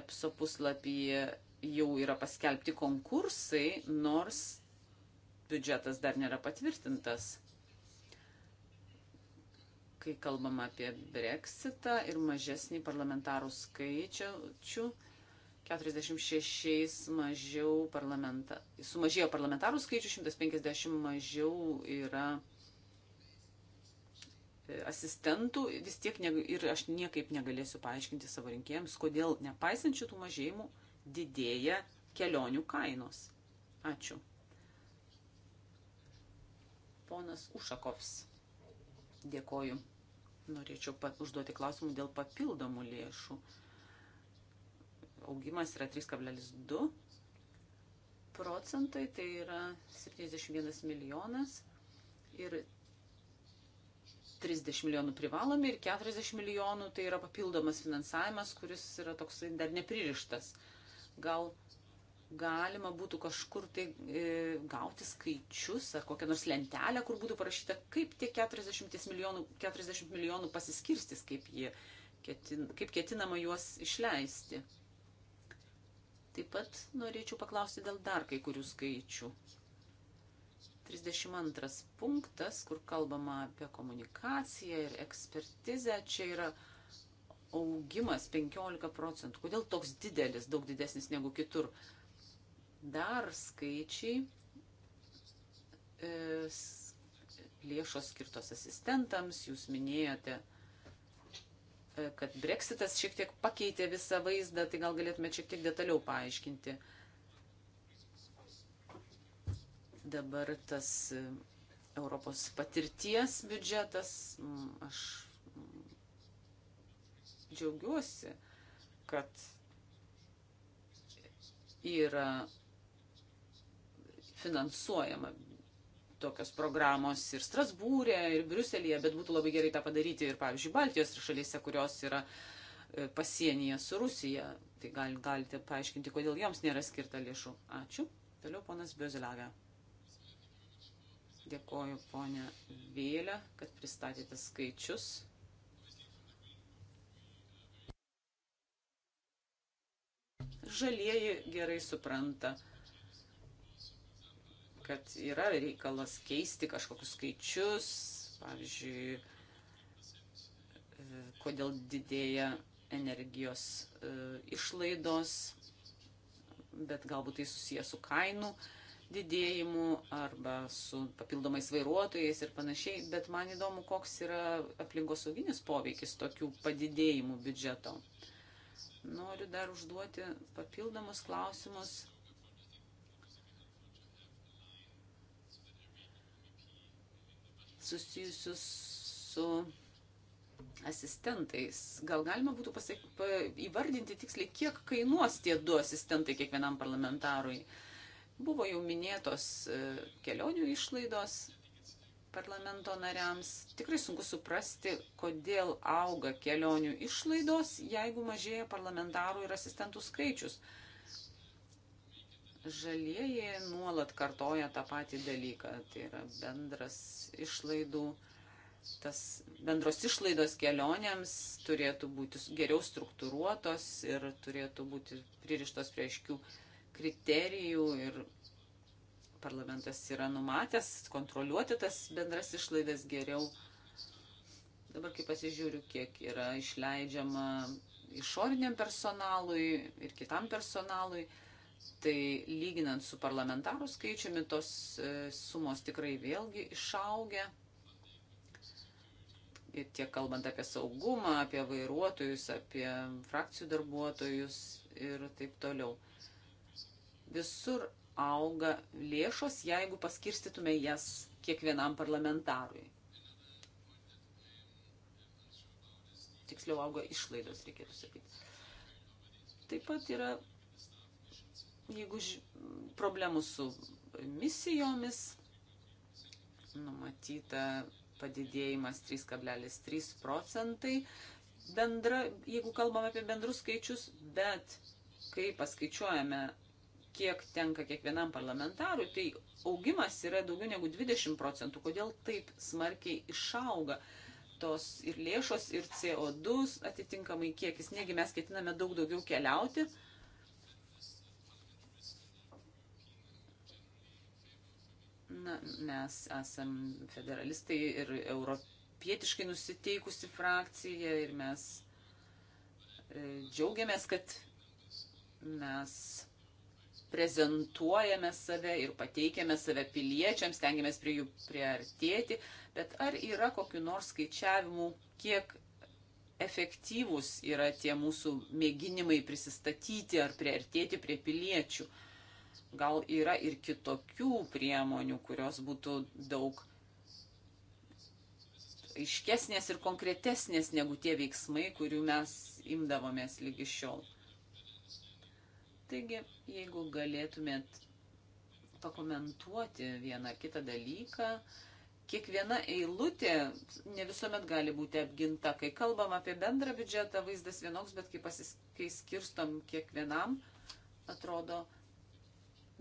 EPSO puslapyje jau yra paskelbti konkursai, nors biudžetas dar nėra patvirtintas kai kalbam apie breksitą ir mažesnį parlamentarų skaičių. 46 mažiau parlamenta, sumažėjo parlamentarų skaičių, 150 mažiau yra e, asistentų, vis tiek ne, ir aš niekaip negalėsiu paaiškinti savo rinkėjams, kodėl nepaisant šitų mažėjimų didėja kelionių kainos. Ačiū. Ponas Ušakovs. Dėkoju norėčiau užduoti klausimų dėl papildomų lėšų. Augimas yra 3,2 procentai, tai yra 71 milijonas ir 30 milijonų privalomi ir 40 milijonų tai yra papildomas finansavimas, kuris yra toksai dar nepririštas. Gal galima būtų kažkur tai e, gauti skaičius ar kokią nors lentelę, kur būtų parašyta, kaip tie 40 milijonų, 40 milijonų pasiskirstys, kaip, jie, ketin, kaip ketinama juos išleisti. Taip pat norėčiau paklausti dėl dar kai kurių skaičių. 32 punktas, kur kalbama apie komunikaciją ir ekspertizę, čia yra augimas 15 procentų. Kodėl toks didelis, daug didesnis negu kitur? Uh, Dar skaičiai e, lėšos skirtos asistentams, jūs minėjote, e, kad breksitas šiek tiek pakeitė visą vaizdą, tai gal galėtumėte šiek tiek detaliau paaiškinti. Dabar tas e, Europos patirties biudžetas, aš džiaugiuosi, kad yra finansuojama tokios programos ir Strasbūrė, ir Briuselėje, bet būtų labai gerai tą padaryti ir, pavyzdžiui, Baltijos šalyse, kurios yra e, pasienyje su Rusija. Tai gal, galite paaiškinti, kodėl joms nėra skirta lėšų. Ačiū. Toliau ponas Biozelaga. Dėkoju ponia Vėlė, kad pristatėte skaičius. Žalieji gerai supranta kad yra reikalas keisti kažkokius skaičius, pavyzdžiui, e, kodėl didėja energijos e, išlaidos, bet galbūt tai susijęs su kainų didėjimu arba su papildomais vairuotojais ir panašiai, bet man įdomu, koks yra aplinkosauginis poveikis tokių padidėjimų biudžeto. Noriu dar užduoti papildomus klausimus susijusius su asistentais. Gal galima būtų pasak, pa, įvardinti tiksliai, kiek kainuos tie du asistentai kiekvienam parlamentarui. Buvo jau minėtos e, kelionių išlaidos parlamento nariams. Tikrai sunku suprasti, kodėl auga kelionių išlaidos, jeigu mažėja parlamentarų ir asistentų skaičius. Žalieji nuolat kartoja tą patį dalyką, tai yra bendras išlaidų, tas bendros išlaidos kelionėms turėtų būti geriau struktūruotos ir turėtų būti pririštos prie aiškių kriterijų ir parlamentas yra numatęs kontroliuoti tas bendras išlaidas geriau. Dabar kai pasižiūriu, kiek yra išleidžiama išoriniam personalui ir kitam personalui, Tai lyginant su parlamentarų skaičiumi, tos e, sumos tikrai vėlgi išaugia. Ir tiek kalbant apie saugumą, apie vairuotojus, apie frakcijų darbuotojus ir taip toliau. Visur auga lėšos, jeigu paskirstytume jas kiekvienam parlamentarui. Tiksliau auga išlaidos, reikėtų sakyti. Taip pat yra jeigu ž... problemų su misijomis numatyta padidėjimas 3,3 procentai bendra, jeigu kalbame apie bendrus skaičius, bet kai paskaičiuojame, kiek tenka kiekvienam parlamentarui, tai augimas yra daugiau negu 20 procentų. Kodėl taip smarkiai išauga tos ir lėšos, ir CO2 atitinkamai kiekis? Negi mes ketiname daug daugiau keliauti, uh, Na, mes esam federalistai ir europietiškai nusiteikusi frakcija ir mes e, džiaugiamės, kad mes prezentuojame save ir pateikiame save piliečiams, stengiamės prie jų priartėti, bet ar yra kokiu nors skaičiavimu, kiek efektyvūs yra tie mūsų mėginimai prisistatyti ar priartėti prie piliečių? Uh, gal yra ir kitokių priemonių, kurios būtų daug aiškesnės ir konkretesnės negu tie veiksmai, kurių mes imdavomės lygi šiol. Taigi, jeigu galėtumėt pakomentuoti vieną ar kitą dalyką, kiekviena eilutė ne visuomet gali būti apginta. Kai kalbam apie bendrą biudžetą, vaizdas vienoks, bet kai, pasis, kai skirstom kiekvienam, atrodo, kad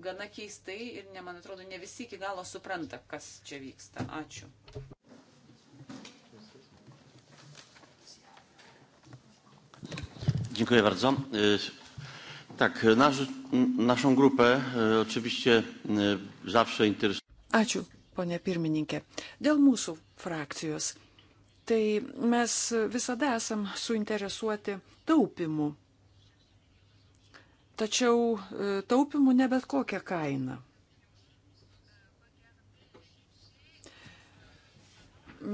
gana keistai ir, ne, man atrodo, ne visi iki galo supranta, kas čia vyksta. Ačiū. Dziękuję bardzo. Tak, nasz, naszą grupę oczywiście zawsze interesuje. Ačiū, ponė pirmininkė. Dėl mūsų frakcijos. Tai mes visada esam suinteresuoti taupimu tačiau e, taupimų ne bet kokią kainą.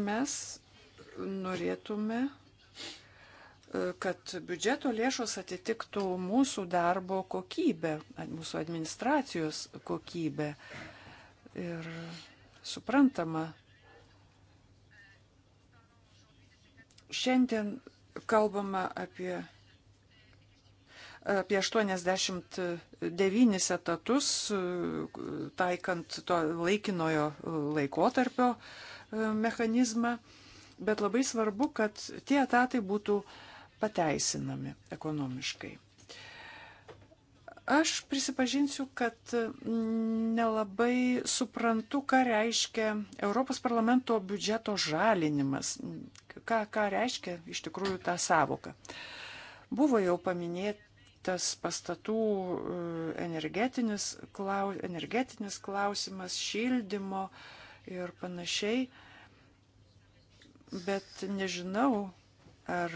Mes norėtume, e, kad biudžeto lėšos atitiktų mūsų darbo kokybę, mūsų administracijos kokybę. Ir suprantama, šiandien kalbama apie apie 89 etatus, taikant to laikinojo laikotarpio e, mechanizmą, bet labai svarbu, kad tie etatai būtų pateisinami ekonomiškai. Aš prisipažinsiu, kad nelabai suprantu, ką reiškia Europos parlamento biudžeto žalinimas, ką, ką reiškia iš tikrųjų ta savoka. Buvo jau paminėti tas pastatų e, energetinis, klaus, energetinis klausimas, šildymo ir panašiai. Bet nežinau, ar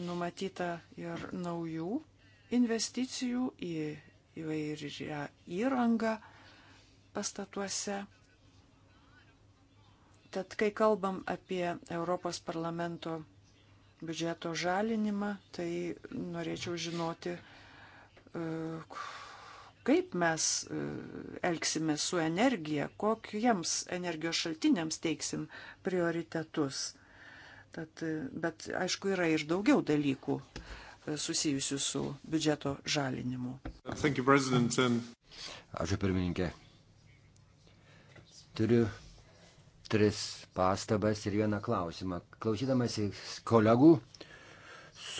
numatyta ir naujų investicijų į įvairią įrangą pastatuose. Tad kai kalbam apie Europos parlamento biudžeto žalinimą, tai norėčiau žinoti, kaip mes e, elgsime su energija, kokiems energijos šaltiniams teiksim prioritetus. Tad, e, bet aišku, yra ir daugiau dalykų e, susijusių su biudžeto žalinimu. Ačiū pirmininkė. Turiu tris pastabas ir vieną klausimą. Klausydamasi kolegų, uh,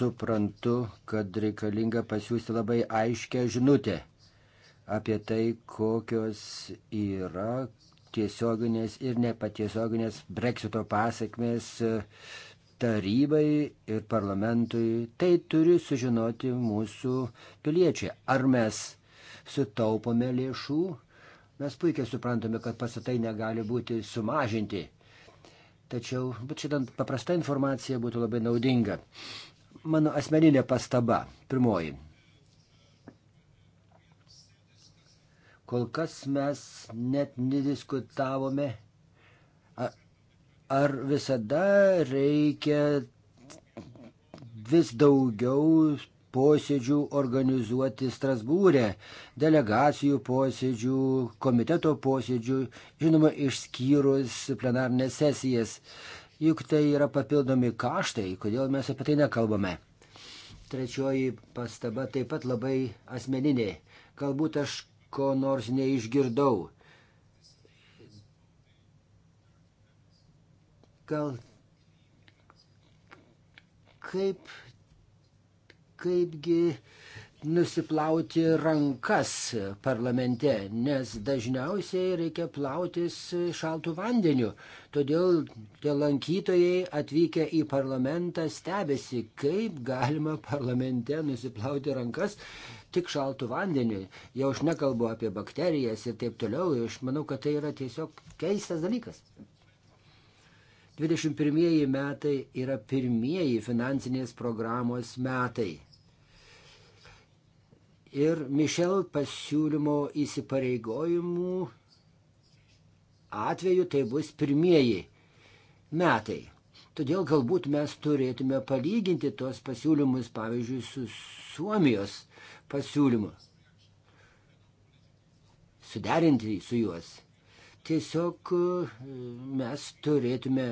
suprantu, kad reikalinga pasiūsti labai aiškę žinutę apie tai, kokios yra tiesioginės ir nepatiesioginės breksito pasiekmes e, tarybai ir parlamentui. Tai turi sužinoti mūsų piliečiai. Ar mes sutaupome lėšų? Mes puikiai suprantame, kad pastatai negali būti sumažinti. Tačiau, bet šitą paprastą informaciją būtų labai naudinga mano asmeninė pastaba. Pirmoji. Kol kas mes net nediskutavome, ar visada reikia vis daugiau posėdžių organizuoti Strasbūrė, delegacijų posėdžių, komiteto posėdžių, žinoma, išskyrus plenarnės sesijas. Juk tai yra papildomi kaštai, kodėl mes apie tai nekalbame. Trečioji pastaba taip pat labai asmeninė. Galbūt aš ko nors neišgirdau. Gal kaip, kaipgi nusiplauti rankas parlamente, nes dažniausiai reikia plautis šaltų vandeniu. Todėl tie lankytojai atvykę į parlamentą stebėsi, kaip galima parlamente nusiplauti rankas tik šaltų vandeniu. Jau aš nekalbu apie bakterijas ir taip toliau, aš manau, kad tai yra tiesiog keistas dalykas. 21 metai yra pirmieji finansinės programos metai ir Mišel pasiūlymo įsipareigojimų atveju tai bus pirmieji metai. Todėl galbūt mes turėtume palyginti tuos pasiūlymus, pavyzdžiui, su Suomijos pasiūlymu. Suderinti su juos. Tiesiog e, mes turėtume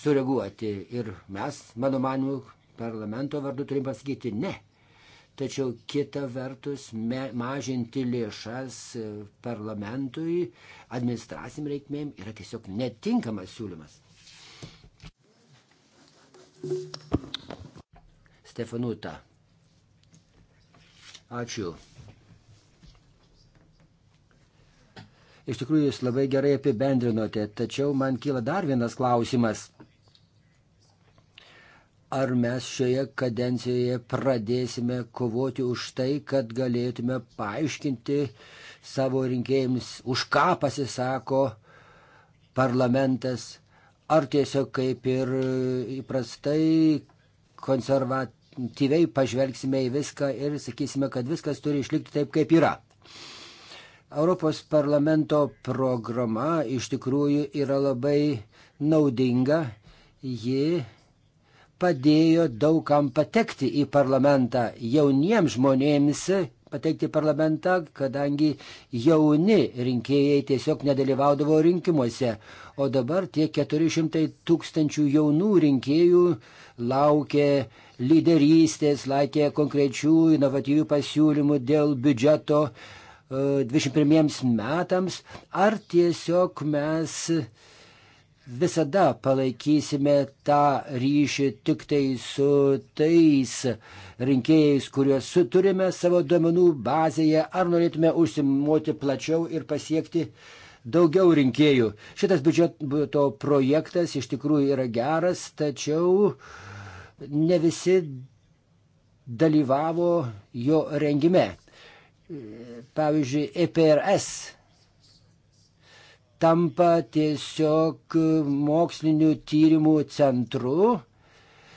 sureaguoti ir mes, mano manimu, parlamento vardu turim pasakyti ne tačiau kita vertus me, mažinti lėšas e, parlamentui administracim reikmėm yra tiesiog netinkamas siūlymas. Stefanuta. Ačiū. Iš tikrųjų, jūs labai gerai apibendrinote, tačiau man kyla dar vienas klausimas ar mes šioje kadencijoje pradėsime kovoti už tai, kad galėtume paaiškinti savo rinkėjams, už ką pasisako parlamentas, ar tiesiog kaip ir įprastai konservatyviai pažvelgsime į viską ir sakysime, kad viskas turi išlikti taip, kaip yra. Europos parlamento programa iš tikrųjų yra labai naudinga. Ji padėjo daugam patekti į parlamentą, jauniems žmonėms patekti į parlamentą, kadangi jauni rinkėjai tiesiog nedalyvaudavo rinkimuose. O dabar tie 400 tūkstančių jaunų rinkėjų laukia lyderystės, laikė konkrečių inovatyvių pasiūlymų dėl biudžeto 21 e, metams, ar tiesiog mes visada palaikysime tą ryšį tik tai su tais rinkėjais, kuriuos turime savo duomenų bazėje, ar norėtume užsimoti plačiau ir pasiekti daugiau rinkėjų. Šitas biudžeto projektas iš tikrųjų yra geras, tačiau ne visi dalyvavo jo rengime. Pavyzdžiui, EPRS tampa tiesiog mokslinių tyrimų centru.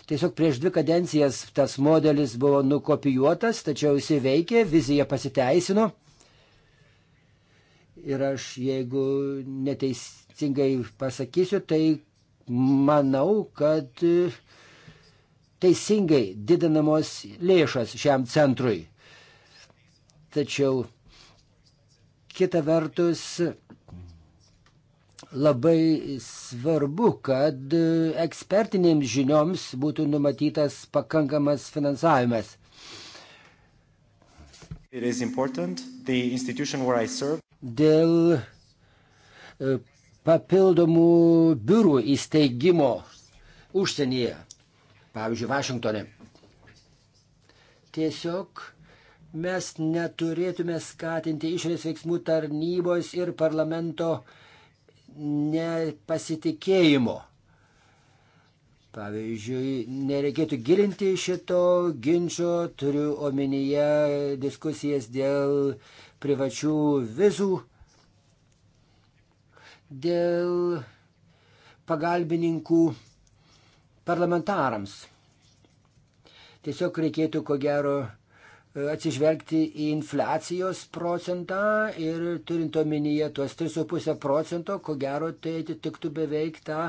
Tiesiog prieš dvi kadencijas tas modelis buvo nukopijuotas, tačiau jisai veikė, vizija pasiteisino. Ir aš, jeigu neteisingai pasakysiu, tai manau, kad teisingai didinamos lėšas šiam centrui. Tačiau kita vertus, labai svarbu, kad ekspertinėms žinioms būtų numatytas pakankamas finansavimas. Dėl e, papildomų biurų įsteigimo užsienyje, pavyzdžiui, Vašingtonė. Tiesiog mes neturėtume skatinti išorės veiksmų tarnybos ir parlamento uh, nepasitikėjimo. Pavyzdžiui, nereikėtų gilinti šito ginčio, turiu omenyje diskusijas dėl privačių vizų, dėl pagalbininkų parlamentarams. Tiesiog reikėtų, ko gero, atsižvelgti į infliacijos procentą ir turint omenyje tuos 3,5 procento, ko gero tai atitiktų beveik tą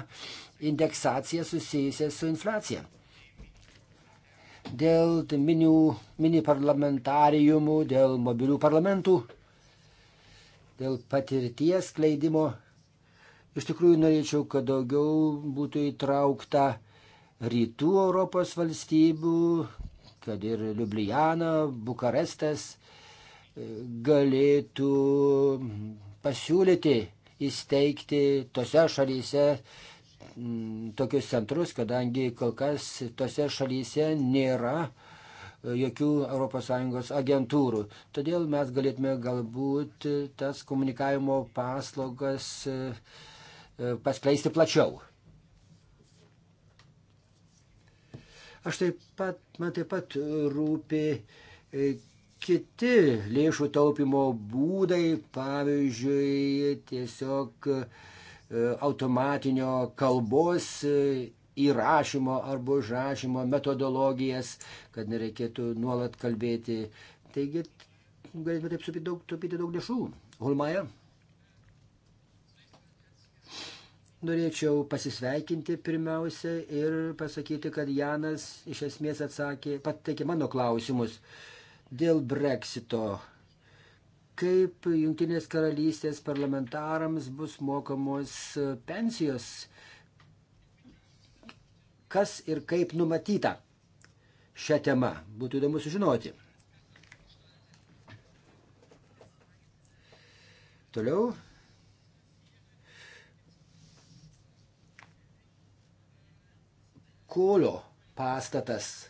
indeksaciją susijusią su infliacija. Dėl minių, mini parlamentarijumų, dėl mobilių parlamentų, dėl patirties kleidimo, iš tikrųjų norėčiau, kad daugiau būtų įtraukta rytų Europos valstybių, kad ir Ljubljana, Bukarestas e, galėtų pasiūlyti įsteigti tose šalyse tokius centrus, kadangi kol kas tose šalyse nėra e, jokių ES agentūrų. Todėl mes galėtume galbūt tas komunikavimo paslaugas e, paskleisti plačiau. Aš taip pat, man taip pat rūpi e, kiti lėšų taupimo būdai, pavyzdžiui, tiesiog e, automatinio kalbos e, įrašymo arba užrašymo metodologijas, kad nereikėtų nuolat kalbėti. Taigi, galime taip supyti daug, taupyti daug lėšų. Holmaja? Norėčiau pasisveikinti pirmiausia ir pasakyti, kad Janas iš esmės atsakė, pateikė mano klausimus dėl breksito. Kaip Junktinės karalystės parlamentarams bus mokamos pensijos? Kas ir kaip numatyta šią temą? Būtų įdomu sužinoti. Toliau kolio pastatas,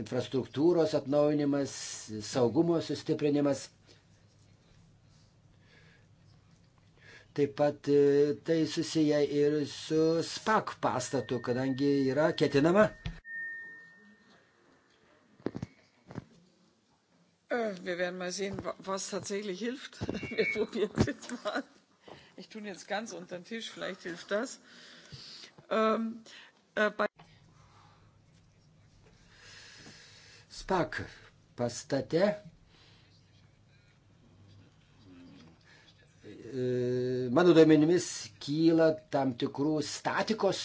infrastruktūros atnaujinimas, saugumo sustiprinimas. Taip pat e, tai susiję ir su SPAC pastatu, kadangi yra ketinama. Äh, wir werden mal sehen, was tatsächlich hilft. Wir probieren es jetzt mal. Ich tue jetzt ganz unter den Tisch, vielleicht hilft das. Ähm, SPAC pastate e, mano duomenimis kyla tam tikrų statikos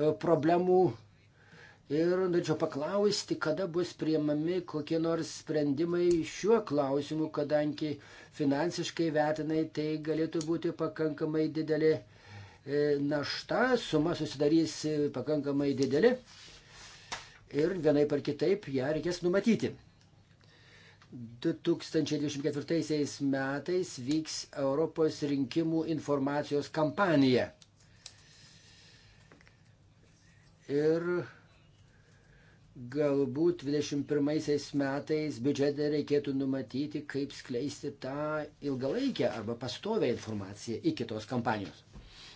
e, problemų ir norėčiau paklausti, kada bus priemami kokie nors sprendimai šiuo klausimu, kadangi finansiškai vertinai tai galėtų būti pakankamai didelė uh, E, našta, suma susidarys e, pakankamai didelė ir vienai par kitaip ją reikės numatyti. 2024 metais vyks Europos rinkimų informacijos kampanija. Ir galbūt 21 metais biudžete reikėtų numatyti, kaip skleisti tą ilgalaikę arba pastovę informaciją iki tos kampanijos.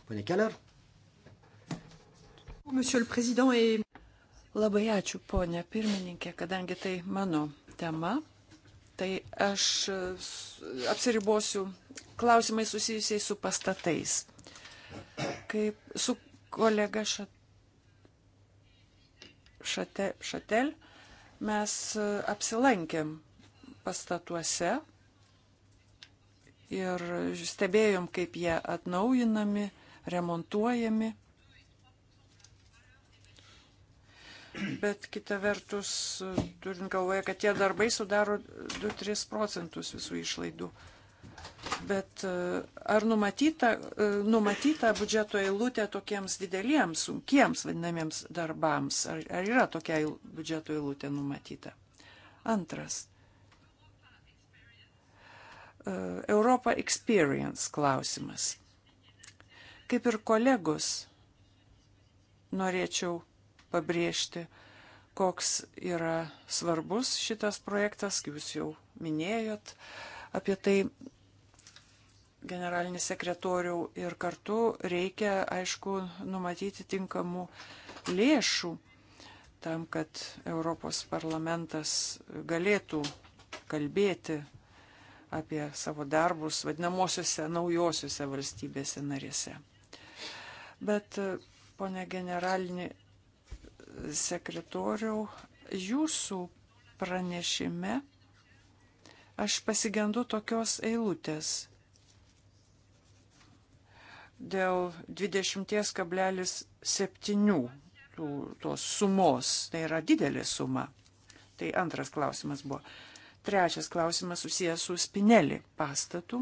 Pane Keller. Labai ačiū, ponė pirmininkė, kadangi tai mano tema, tai aš e, apsiribosiu klausimai susijusiais su pastatais. Kaip su kolega Šat... Šate... Šatel mes e, apsilankėm pastatuose ir stebėjom, kaip jie atnaujinami remontuojami. Bet kita vertus, turint galvoje, kad tie darbai sudaro 2-3 procentus visų išlaidų. Bet e, ar numatyta, e, numatyta biudžeto eilutė tokiems dideliems, sunkiems vadinamiems darbams? Ar, ar yra tokia biudžeto eilutė numatyta? Antras. E, Europa Experience klausimas kaip ir kolegos, norėčiau pabrėžti, koks yra svarbus šitas projektas, kaip jūs jau minėjot apie tai generalinį sekretoriau ir kartu reikia, aišku, numatyti tinkamų lėšų tam, kad Europos parlamentas galėtų kalbėti apie savo darbus vadinamosiose naujosiuose valstybėse narėse. Bet, e, ponė generalinį sekretoriau, jūsų pranešime aš pasigendu tokios eilutės dėl 20,7 tos sumos. Tai yra didelė suma. Tai antras klausimas buvo. Trečias klausimas susijęs su spinelį pastatu.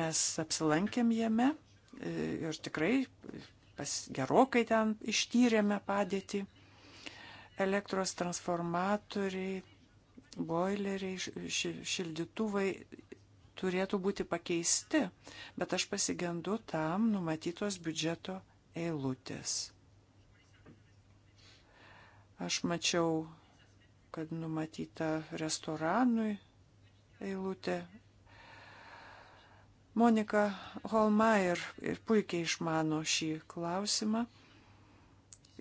Mes apsilankėm jame E, ir tikrai pas, gerokai ten ištyrėme padėtį. Elektros transformatoriai, boileriai, šildytuvai turėtų būti pakeisti, bet aš pasigendu tam numatytos biudžeto eilutės. Aš mačiau, kad numatyta restoranui eilutė Monika Holmeier puikiai išmano šį klausimą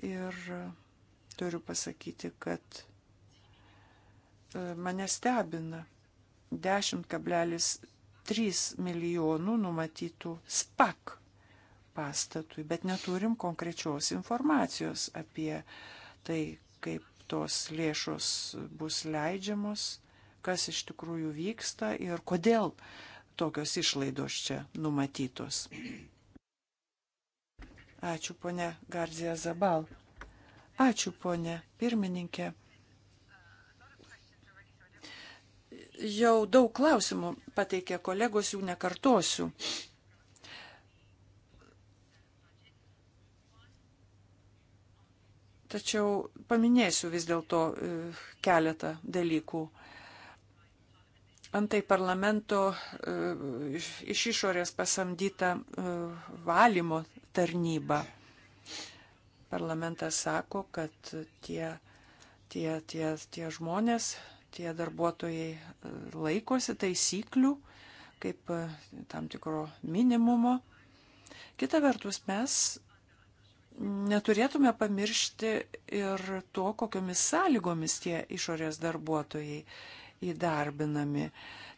ir e, turiu pasakyti, kad e, mane stebina 10,3 milijonų numatytų SPAK pastatui, bet neturim konkrečios informacijos apie tai, kaip tos lėšos bus leidžiamos, kas iš tikrųjų vyksta ir kodėl tokios išlaidos čia numatytos. Ačiū, ponė Garzija Zabal. Ačiū, ponė pirmininkė. Jau daug klausimų pateikė kolegos, jų nekartosiu. Tačiau paminėsiu vis dėlto e, keletą dalykų antai parlamento e, iš išorės pasamdyta e, valymo tarnyba. Parlamentas sako, kad tie, tie, tie, tie žmonės, tie darbuotojai e, laikosi taisyklių kaip tam tikro minimumo. Kita vertus, mes neturėtume pamiršti ir to, kokiomis sąlygomis tie išorės darbuotojai įdarbinami.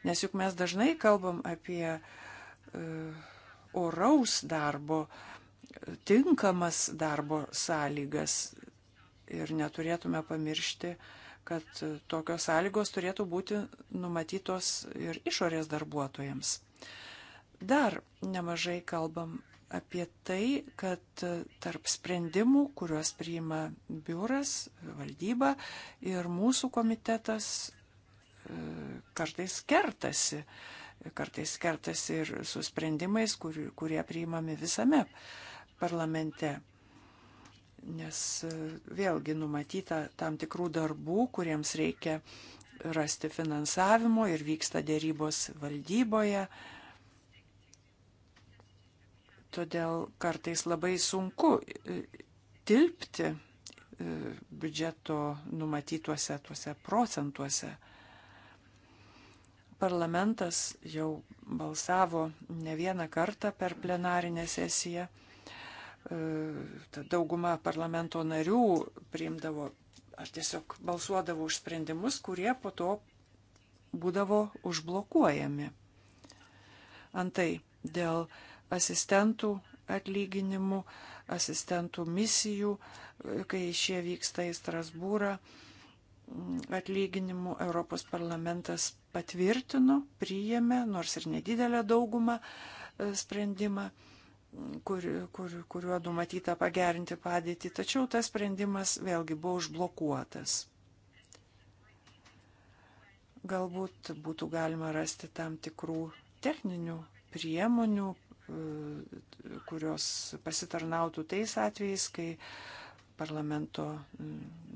Nes juk mes dažnai kalbam apie uh, oraus darbo, tinkamas darbo sąlygas ir neturėtume pamiršti, kad tokios sąlygos turėtų būti numatytos ir išorės darbuotojams. Dar nemažai kalbam apie tai, kad tarp sprendimų, kuriuos priima biuras, valdyba ir mūsų komitetas kartais kertasi, kartais kertasi ir su sprendimais, kur, kurie priimami visame parlamente. Nes e, vėlgi numatyta tam tikrų darbų, kuriems reikia rasti finansavimo ir vyksta dėrybos valdyboje. Todėl kartais labai sunku e, tilpti e, biudžeto numatytuose tuose procentuose parlamentas jau balsavo ne vieną kartą per plenarinę sesiją. E, dauguma parlamento narių priimdavo ar tiesiog balsuodavo už sprendimus, kurie po to būdavo užblokuojami. Antai dėl asistentų atlyginimų, asistentų misijų, e, kai šie vyksta į Strasbūrą, atlyginimų Europos parlamentas patvirtino, priėmė, nors ir nedidelę daugumą e, sprendimą, kur, kur, kuriuo numatyta pagerinti padėtį, tačiau tas sprendimas vėlgi buvo užblokuotas. Galbūt būtų galima rasti tam tikrų techninių priemonių, e, kurios pasitarnautų tais atvejais, kai parlamento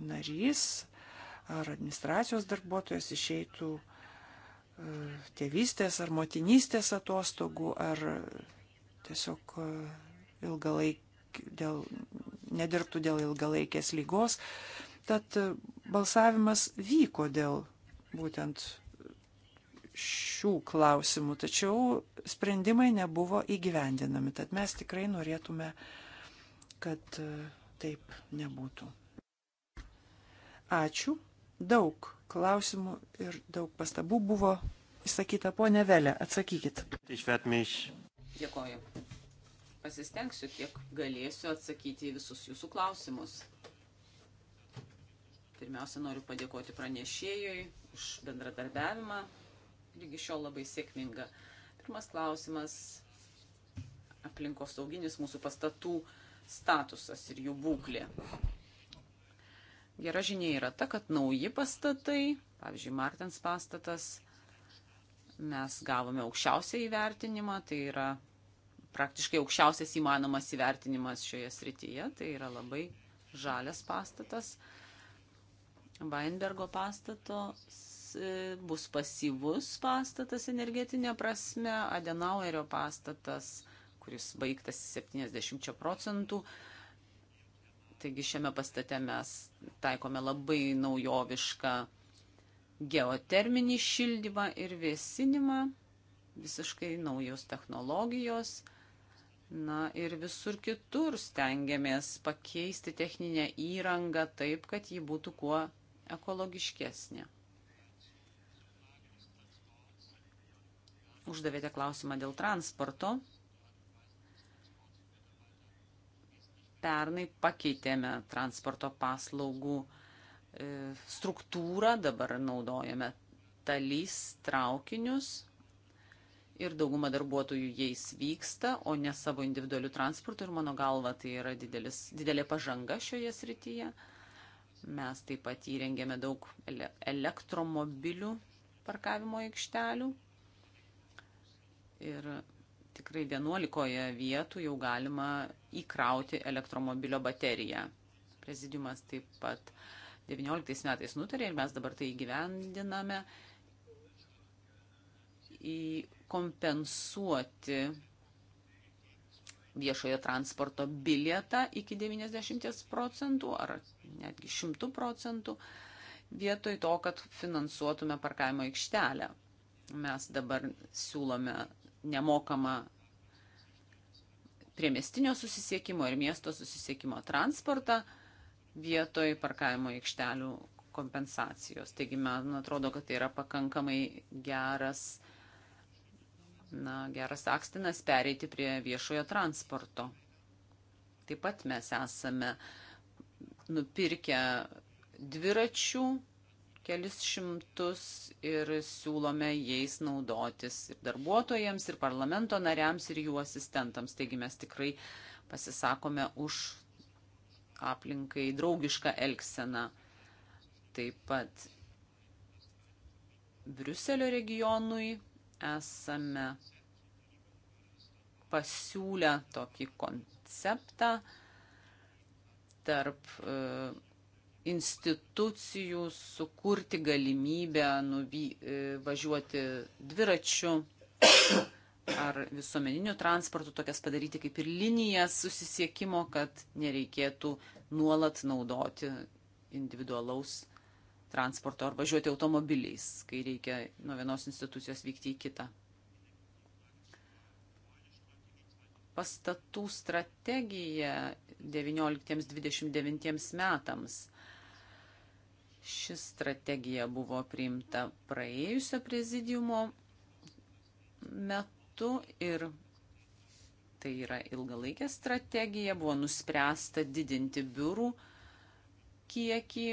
narys ar administracijos darbuotojas išeitų tėvystės ar motinystės atostogų, ar tiesiog e, ilgalaik, dėl, nedirbtų dėl ilgalaikės lygos. Tad e, balsavimas vyko dėl būtent šių klausimų, tačiau sprendimai nebuvo įgyvendinami. Tad mes tikrai norėtume, kad e, taip nebūtų. Ačiū. Daug klausimų ir daug pastabų buvo įsakyta. Pone Velė, atsakykit. Dėkoju. Pasistengsiu, kiek galėsiu atsakyti į visus jūsų klausimus. Pirmiausia, noriu padėkoti pranešėjui už bendradarbiavimą. Lygi šiol labai sėkminga. Pirmas klausimas - aplinkosauginis mūsų pastatų statusas ir jų būklė. Gera žinia yra ta, kad nauji pastatai, pavyzdžiui, Martins pastatas, mes gavome aukščiausią įvertinimą, tai yra praktiškai aukščiausias įmanomas įvertinimas šioje srityje, tai yra labai žalias pastatas. Weinbergo pastato e, bus pasyvus pastatas energetinė prasme, Adenauerio pastatas, kuris baigtas 70 procentų, Taigi šiame pastate mes taikome labai naujovišką geoterminį šildymą ir vėsinimą, visiškai naujos technologijos. Na ir visur kitur stengiamės pakeisti techninę įrangą taip, kad ji būtų kuo ekologiškesnė. Uždavėte klausimą dėl transporto. pernai pakeitėme transporto paslaugų e, struktūrą, dabar naudojame talys traukinius ir dauguma darbuotojų jais vyksta, o ne savo individualių transportų ir mano galva tai yra didelis, didelė pažanga šioje srityje. Mes taip pat įrengėme daug elektromobilių parkavimo aikštelių ir tikrai 11 vietų jau galima įkrauti elektromobilio bateriją. Prezidiumas taip pat 19 metais nutarė ir mes dabar tai įgyvendiname kompensuoti viešojo transporto bilietą iki 90 procentų ar netgi 100 procentų vietoj to, kad finansuotume parkavimo aikštelę. Mes dabar siūlome nemokamą priemestinio susisiekimo ir miesto susisiekimo transportą vietoj parkavimo aikštelių kompensacijos. Taigi, man atrodo, kad tai yra pakankamai geras, na, geras akstinas pereiti prie viešojo transporto. Taip pat mes esame nupirkę dviračių kelis šimtus ir siūlome jais naudotis ir darbuotojams, ir parlamento nariams, ir jų asistentams. Taigi mes tikrai pasisakome už aplinkai draugišką elkseną. Taip pat Briuselio regionui esame pasiūlę tokį konceptą tarp uh, institucijų sukurti galimybę nuvy, e, važiuoti dviračiu ar visuomeniniu transportu, tokias padaryti kaip ir linijas susisiekimo, kad nereikėtų nuolat naudoti individualaus transporto ar važiuoti automobiliais, kai reikia nuo vienos institucijos vykti į kitą. Pastatų strategija 19-29 metams Ši strategija buvo priimta praėjusio prezidiumo metu ir tai yra ilgalaikė strategija, buvo nuspręsta didinti biurų kiekį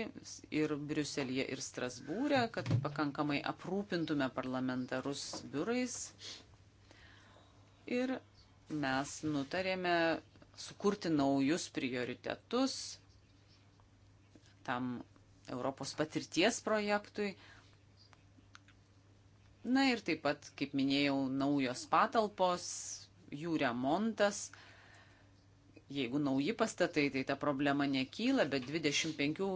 ir Briuselėje, ir Strasbūrė, kad pakankamai aprūpintume parlamentarus biurais. Ir mes nutarėme sukurti naujus prioritetus tam Europos patirties projektui. Na ir taip pat, kaip minėjau, naujos patalpos, jų remontas. Jeigu nauji pastatai, tai ta problema nekyla, bet 25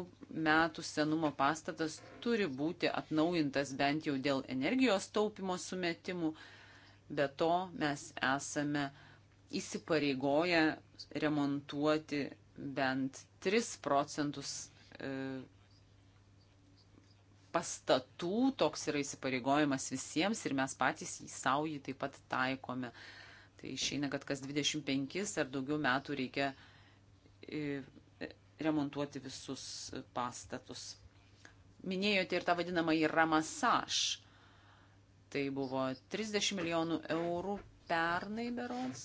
metų senumo pastatas turi būti atnaujintas bent jau dėl energijos taupimo sumetimų. Be to mes esame įsipareigoję remontuoti bent 3 procentus e, pastatų, toks yra įsipareigojimas visiems ir mes patys į saujį taip pat taikome. Tai išeina, kad kas 25 ar daugiau metų reikia e, remontuoti visus pastatus. Minėjote ir tą vadinamą įramasaž. Tai buvo 30 milijonų eurų pernai berods.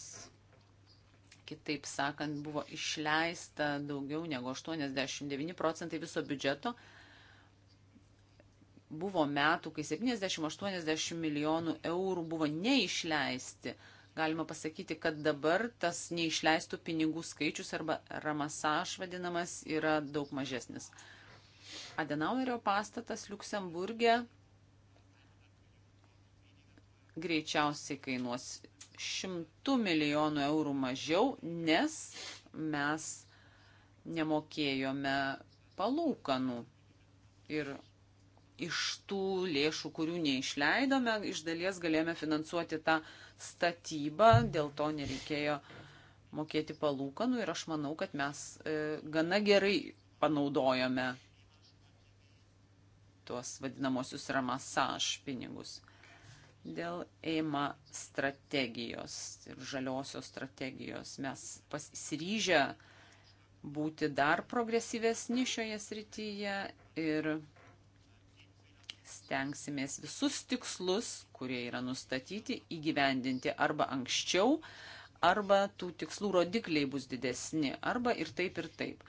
Kitaip sakant, buvo išleista daugiau negu 89 procentai viso biudžeto buvo metų, kai 70-80 milijonų eurų buvo neišleisti. Galima pasakyti, kad dabar tas neišleistų pinigų skaičius arba ramasaž vadinamas yra daug mažesnis. Adenauerio pastatas Luksemburgė greičiausiai kainuos 100 milijonų eurų mažiau, nes mes nemokėjome palūkanų ir iš tų lėšų, kurių neišleidome, iš dalies galėjome finansuoti tą statybą, dėl to nereikėjo mokėti palūkanų ir aš manau, kad mes e, gana gerai panaudojome tuos vadinamosius ramasaž pinigus dėl eima strategijos ir žaliosios strategijos. Mes pasiryžę būti dar progresyvesni šioje srityje ir stengsimės visus tikslus, kurie yra nustatyti, įgyvendinti arba anksčiau, arba tų tikslų rodikliai bus didesni, arba ir taip ir taip.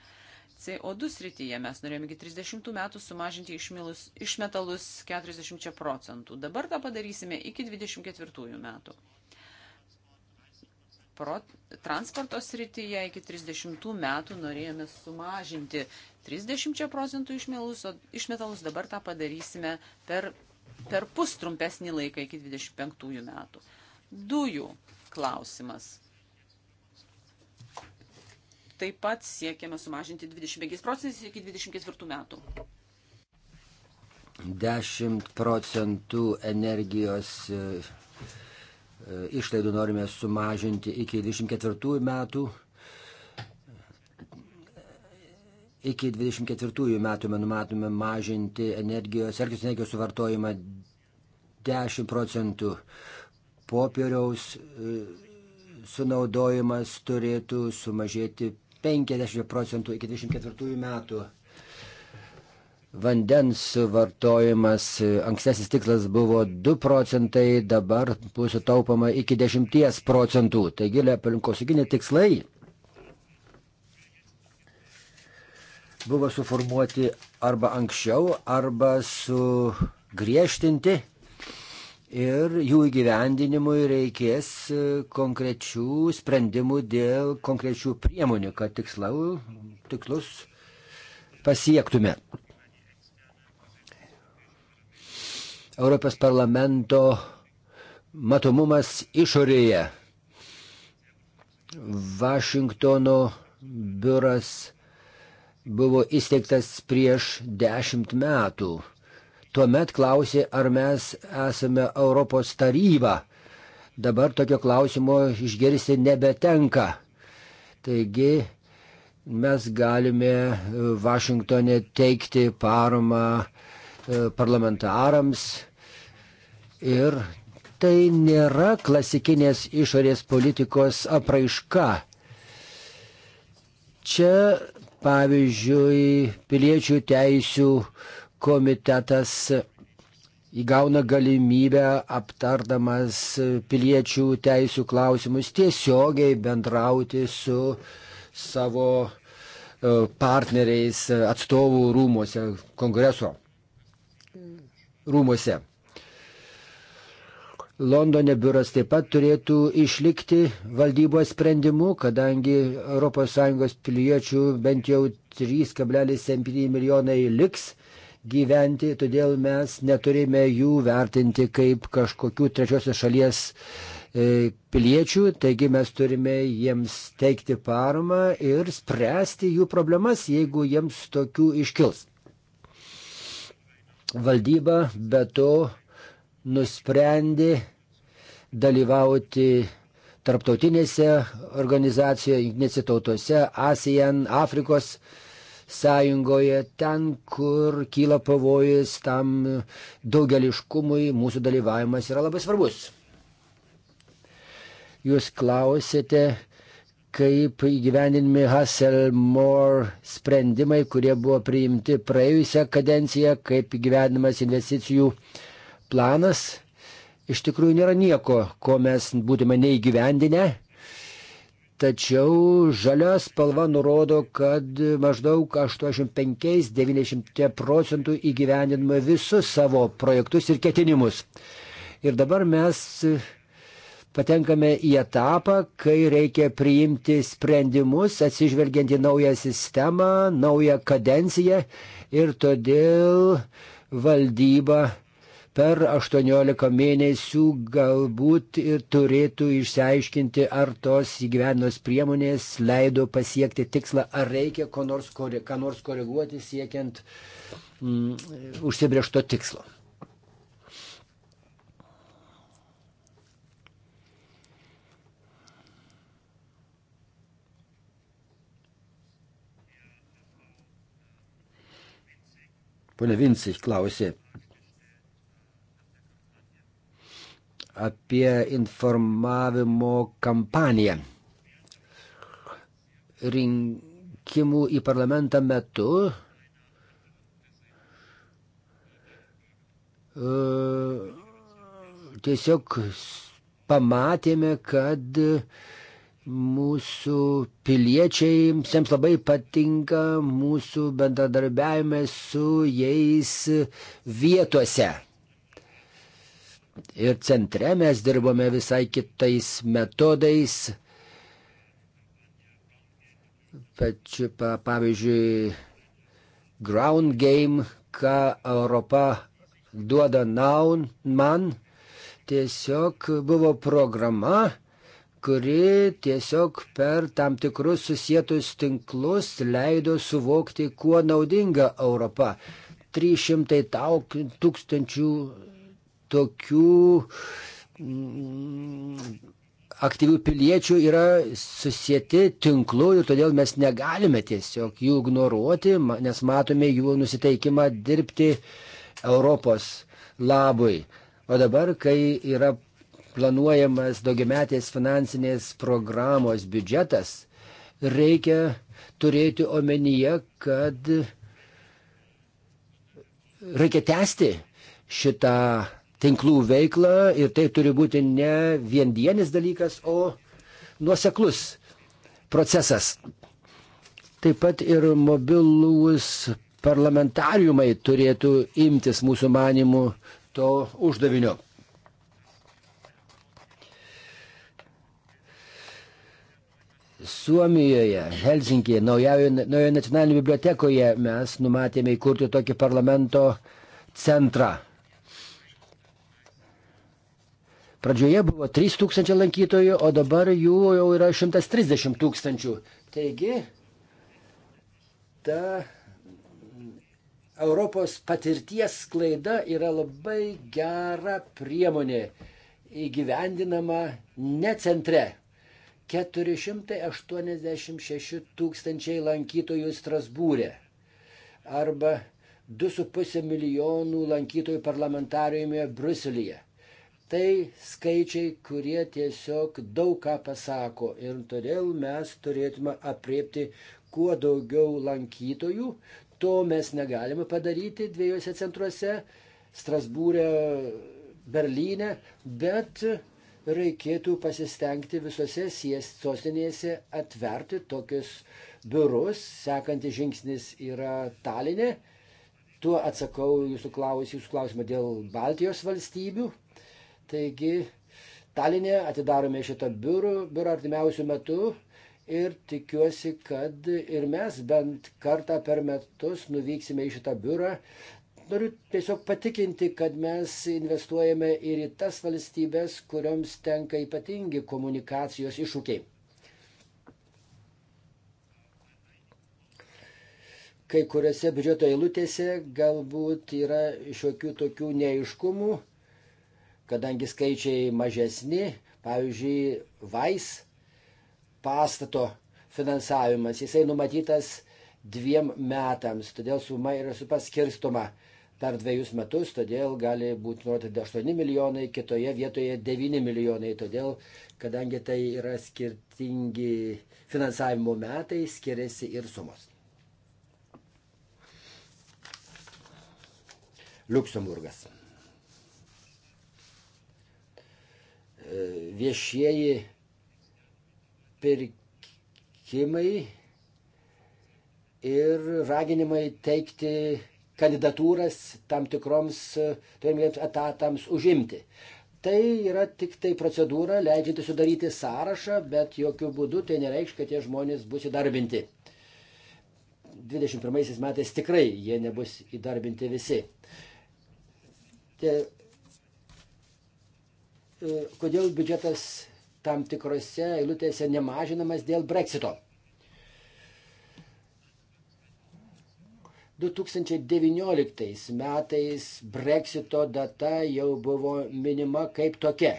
CO2 srityje mes norėjome iki 30 metų sumažinti išmilus, išmetalus 40 procentų. Dabar tą padarysime iki 24 metų pro, transporto srityje iki 30 metų norėjome sumažinti 30 procentų išmelus, išmetalus, dabar tą padarysime per, per pus trumpesnį laiką iki 25 metų. Dujų klausimas. Taip pat siekiame sumažinti 25 procentus iki 24 metų. 10 procentų energijos išlaidų norime sumažinti iki 24 metų. Iki 24 metų mes numatome mažinti energijos, elektros energijos suvartojimą 10 procentų. Popieriaus e, sunaudojimas turėtų sumažėti 50 procentų iki 24 metų vandens vartojimas, ankstesnis tikslas buvo 2 procentai, dabar bus sutaupama iki 10 procentų. Taigi, aplinkosauginiai tikslai buvo suformuoti arba anksčiau, arba sugriežtinti ir jų įgyvendinimui reikės konkrečių sprendimų dėl konkrečių priemonių, kad tikslau, tikslus pasiektume. Europos parlamento matomumas išorėje. Vašingtono biuras buvo įsteigtas prieš dešimt metų. Tuomet klausė, ar mes esame Europos taryba. Dabar tokio klausimo išgirsti nebetenka. Taigi mes galime Vašingtonė teikti paramą e, parlamentarams, Ir tai nėra klasikinės išorės politikos apraiška. Čia, pavyzdžiui, piliečių teisių komitetas įgauna galimybę aptardamas piliečių teisų klausimus tiesiogiai bendrauti su savo e, partneriais atstovų rūmose, kongreso rūmose. Londone biuras taip pat turėtų išlikti valdybos sprendimu, kadangi ES piliečių bent jau 3,7 milijonai liks gyventi, todėl mes neturime jų vertinti kaip kažkokių trečiosios šalies e, piliečių, taigi mes turime jiems teikti paramą ir spręsti jų problemas, jeigu jiems tokių iškils. Valdyba be to nusprendė dalyvauti tarptautinėse organizacijoje, jungtinėse tautose, ASEAN, Afrikos sąjungoje, ten, kur kyla pavojus tam daugeliškumui, mūsų dalyvavimas yra labai svarbus. Jūs klausėte, kaip įgyvendinami Hasselmore sprendimai, kurie buvo priimti praėjusią kadenciją, kaip įgyvendinamas investicijų uh, planas iš tikrųjų nėra nieko, ko mes būtume neįgyvendinę. Tačiau žalia spalva nurodo, kad maždaug 85-90 procentų įgyvendiname visus savo projektus ir ketinimus. Ir dabar mes patenkame į etapą, kai reikia priimti sprendimus, atsižvelgiant į naują sistemą, naują kadenciją ir todėl valdyba per 18 mėnesių galbūt ir turėtų išsiaiškinti, ar tos įgyvenos priemonės leido pasiekti tikslą, ar reikia ką nors, kore, ką nors koreguoti siekiant mm, užsibriešto tikslo. Pone Vinsai klausė, apie informavimo kampaniją. Rinkimų į parlamentą metu e, tiesiog pamatėme, kad mūsų piliečiai, jiems labai patinka mūsų bendradarbiavimas su jais vietuose ir centre mes dirbome visai kitais metodais. Pačiu, pavyzdžiui, ground game, ką Europa duoda naun man, tiesiog buvo programa, kuri tiesiog per tam tikrus susietus tinklus leido suvokti, kuo naudinga Europa. 300 tūkstančių tokių mm, aktyvių piliečių yra susijęti tinklu ir todėl mes negalime tiesiog jų ignoruoti, nes matome jų nusiteikimą dirbti Europos labui. O dabar, kai yra planuojamas daugiametės finansinės programos biudžetas, reikia turėti omenyje, kad reikia tęsti šitą tinklų veiklą ir tai turi būti ne viendienis dalykas, o nuoseklus procesas. Taip pat ir mobilus parlamentariumai turėtų imtis mūsų manimų to uždavinio. Suomijoje, Helsinkije, naujoje, naujoje nacionalinėje bibliotekoje mes numatėme įkurti tokį parlamento centrą. Pradžioje buvo 3000 lankytojų, o dabar jų jau yra 130 tūkstančių. Taigi, ta Europos patirties sklaida yra labai gera priemonė įgyvendinama ne centre. 486 tūkstančiai lankytojų Strasbūrė arba 2,5 milijonų lankytojų parlamentarijoje Bruselėje tai skaičiai, kurie tiesiog daug ką pasako ir todėl mes turėtume apriepti kuo daugiau lankytojų. To mes negalime padaryti dviejose centruose - Strasbūrė, Berlyne, bet reikėtų pasistengti visose sostinėse atverti tokius biurus. Sekantis žingsnis yra Talinė. Tuo atsakau jūsų, klaus, jūsų klausimą dėl Baltijos valstybių. Taigi, Talinė atidarome šitą biurą, biurą artimiausių metų ir tikiuosi, kad ir mes bent kartą per metus nuvyksime į šitą biurą. Noriu tiesiog patikinti, kad mes investuojame ir į tas valstybės, kuriams tenka ypatingi komunikacijos iššūkiai. Kai kuriuose biudžeto eilutėse galbūt yra šiokių tokių neiškumų kadangi skaičiai mažesni, pavyzdžiui, vais pastato finansavimas, jisai numatytas dviem metams, todėl suma yra supaskirstoma per dviejus metus, todėl gali būti nurodyti 8 milijonai, kitoje vietoje 9 milijonai, todėl kadangi tai yra skirtingi finansavimo metai, skiriasi ir sumos. Luxemburgas. viešieji pirkimai ir raginimai teikti kandidatūras tam tikroms e, turimiems etatams užimti. Tai yra tik tai procedūra, leidžianti sudaryti sąrašą, bet jokių būdų tai nereikš, kad tie žmonės bus įdarbinti. 21 metais tikrai jie nebus įdarbinti visi. Tie E, kodėl biudžetas tam tikrose eilutėse nemažinamas dėl breksito. 2019 metais breksito data jau buvo minima kaip tokia.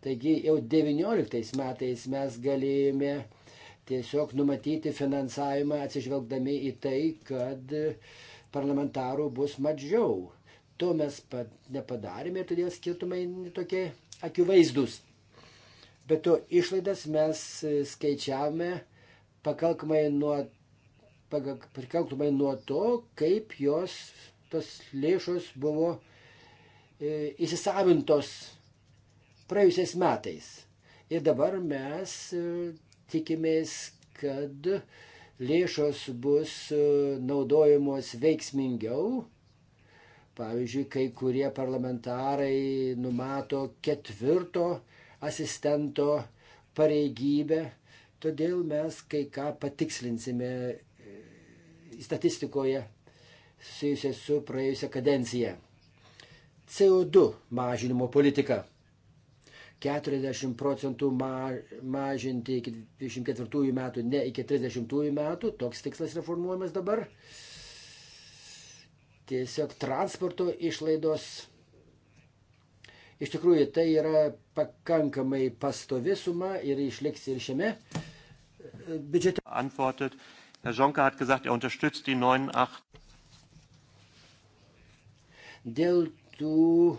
Taigi jau 2019 metais mes galėjome tiesiog numatyti finansavimą atsižvelgdami į tai, kad parlamentarų bus mažiau. To mes nepadarėme ir todėl skirtumai tokie akivaizdus. Bet to išlaidas mes e, skaičiavome pakankamai nuo, pakankamai nuo to, kaip jos, tos lėšos buvo e, įsisavintos praėjusiais metais. Ir dabar mes e, tikimės, kad lėšos bus e, naudojamos veiksmingiau Pavyzdžiui, kai kurie parlamentarai numato ketvirto asistento pareigybę, todėl mes kai ką patikslinsime e, statistikoje susijusia su praėjusia kadencija. CO2 mažinimo politika. 40 procentų mažinti iki 24 metų, ne iki 30 metų, toks tikslas reformuojamas dabar tiesiog transporto išlaidos. Iš tikrųjų, tai yra pakankamai pastovi suma ir išliks ir šiame e, biudžete. Antwortet. Herr Jonke hat gesagt, er unterstützt die 9,8. Dėl tų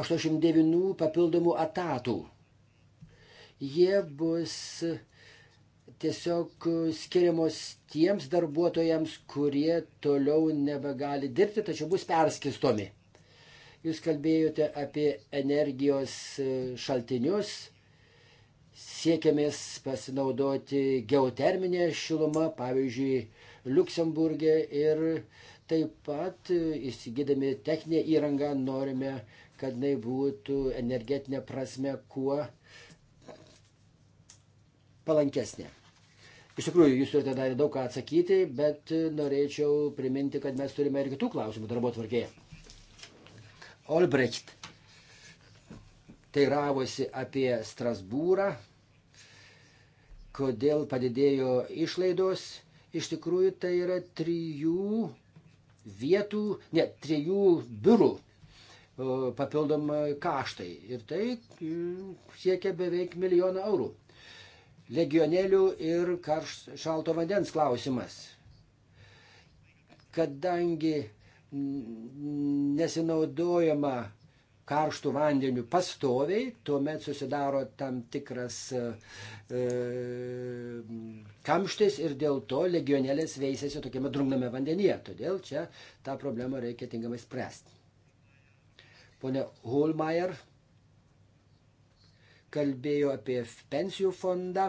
89 papildomų atatų. Jie bus tiesiog e, skiriamos tiems darbuotojams, kurie toliau nebegali dirbti, tačiau bus perskistomi. Jūs kalbėjote apie energijos e, šaltinius, siekiamės pasinaudoti geoterminė šiluma, pavyzdžiui, Luksemburgė ir taip pat e, įsigydami techninę įrangą norime, kad jinai būtų energetinė prasme kuo palankesnė. Iš tikrųjų, jūs turite dar daug ką atsakyti, bet norėčiau priminti, kad mes turime ir kitų klausimų darbo tvarkėje. Olbrecht teiravosi apie Strasbūrą, kodėl padidėjo išlaidos. Iš tikrųjų, tai yra trijų vietų, ne, trijų biurų papildomai kaštai. Ir tai mm, siekia beveik milijoną eurų legionelių ir karš, šalto vandens klausimas. Kadangi nesinaudojama karštų vandenių pastoviai, tuomet susidaro tam tikras e, e kamštis ir dėl to legionelės veisėsi tokiame drungname vandenyje. Todėl čia tą problemą reikia tinkamai spręsti. Pone Holmeier kalbėjo apie pensijų fondą.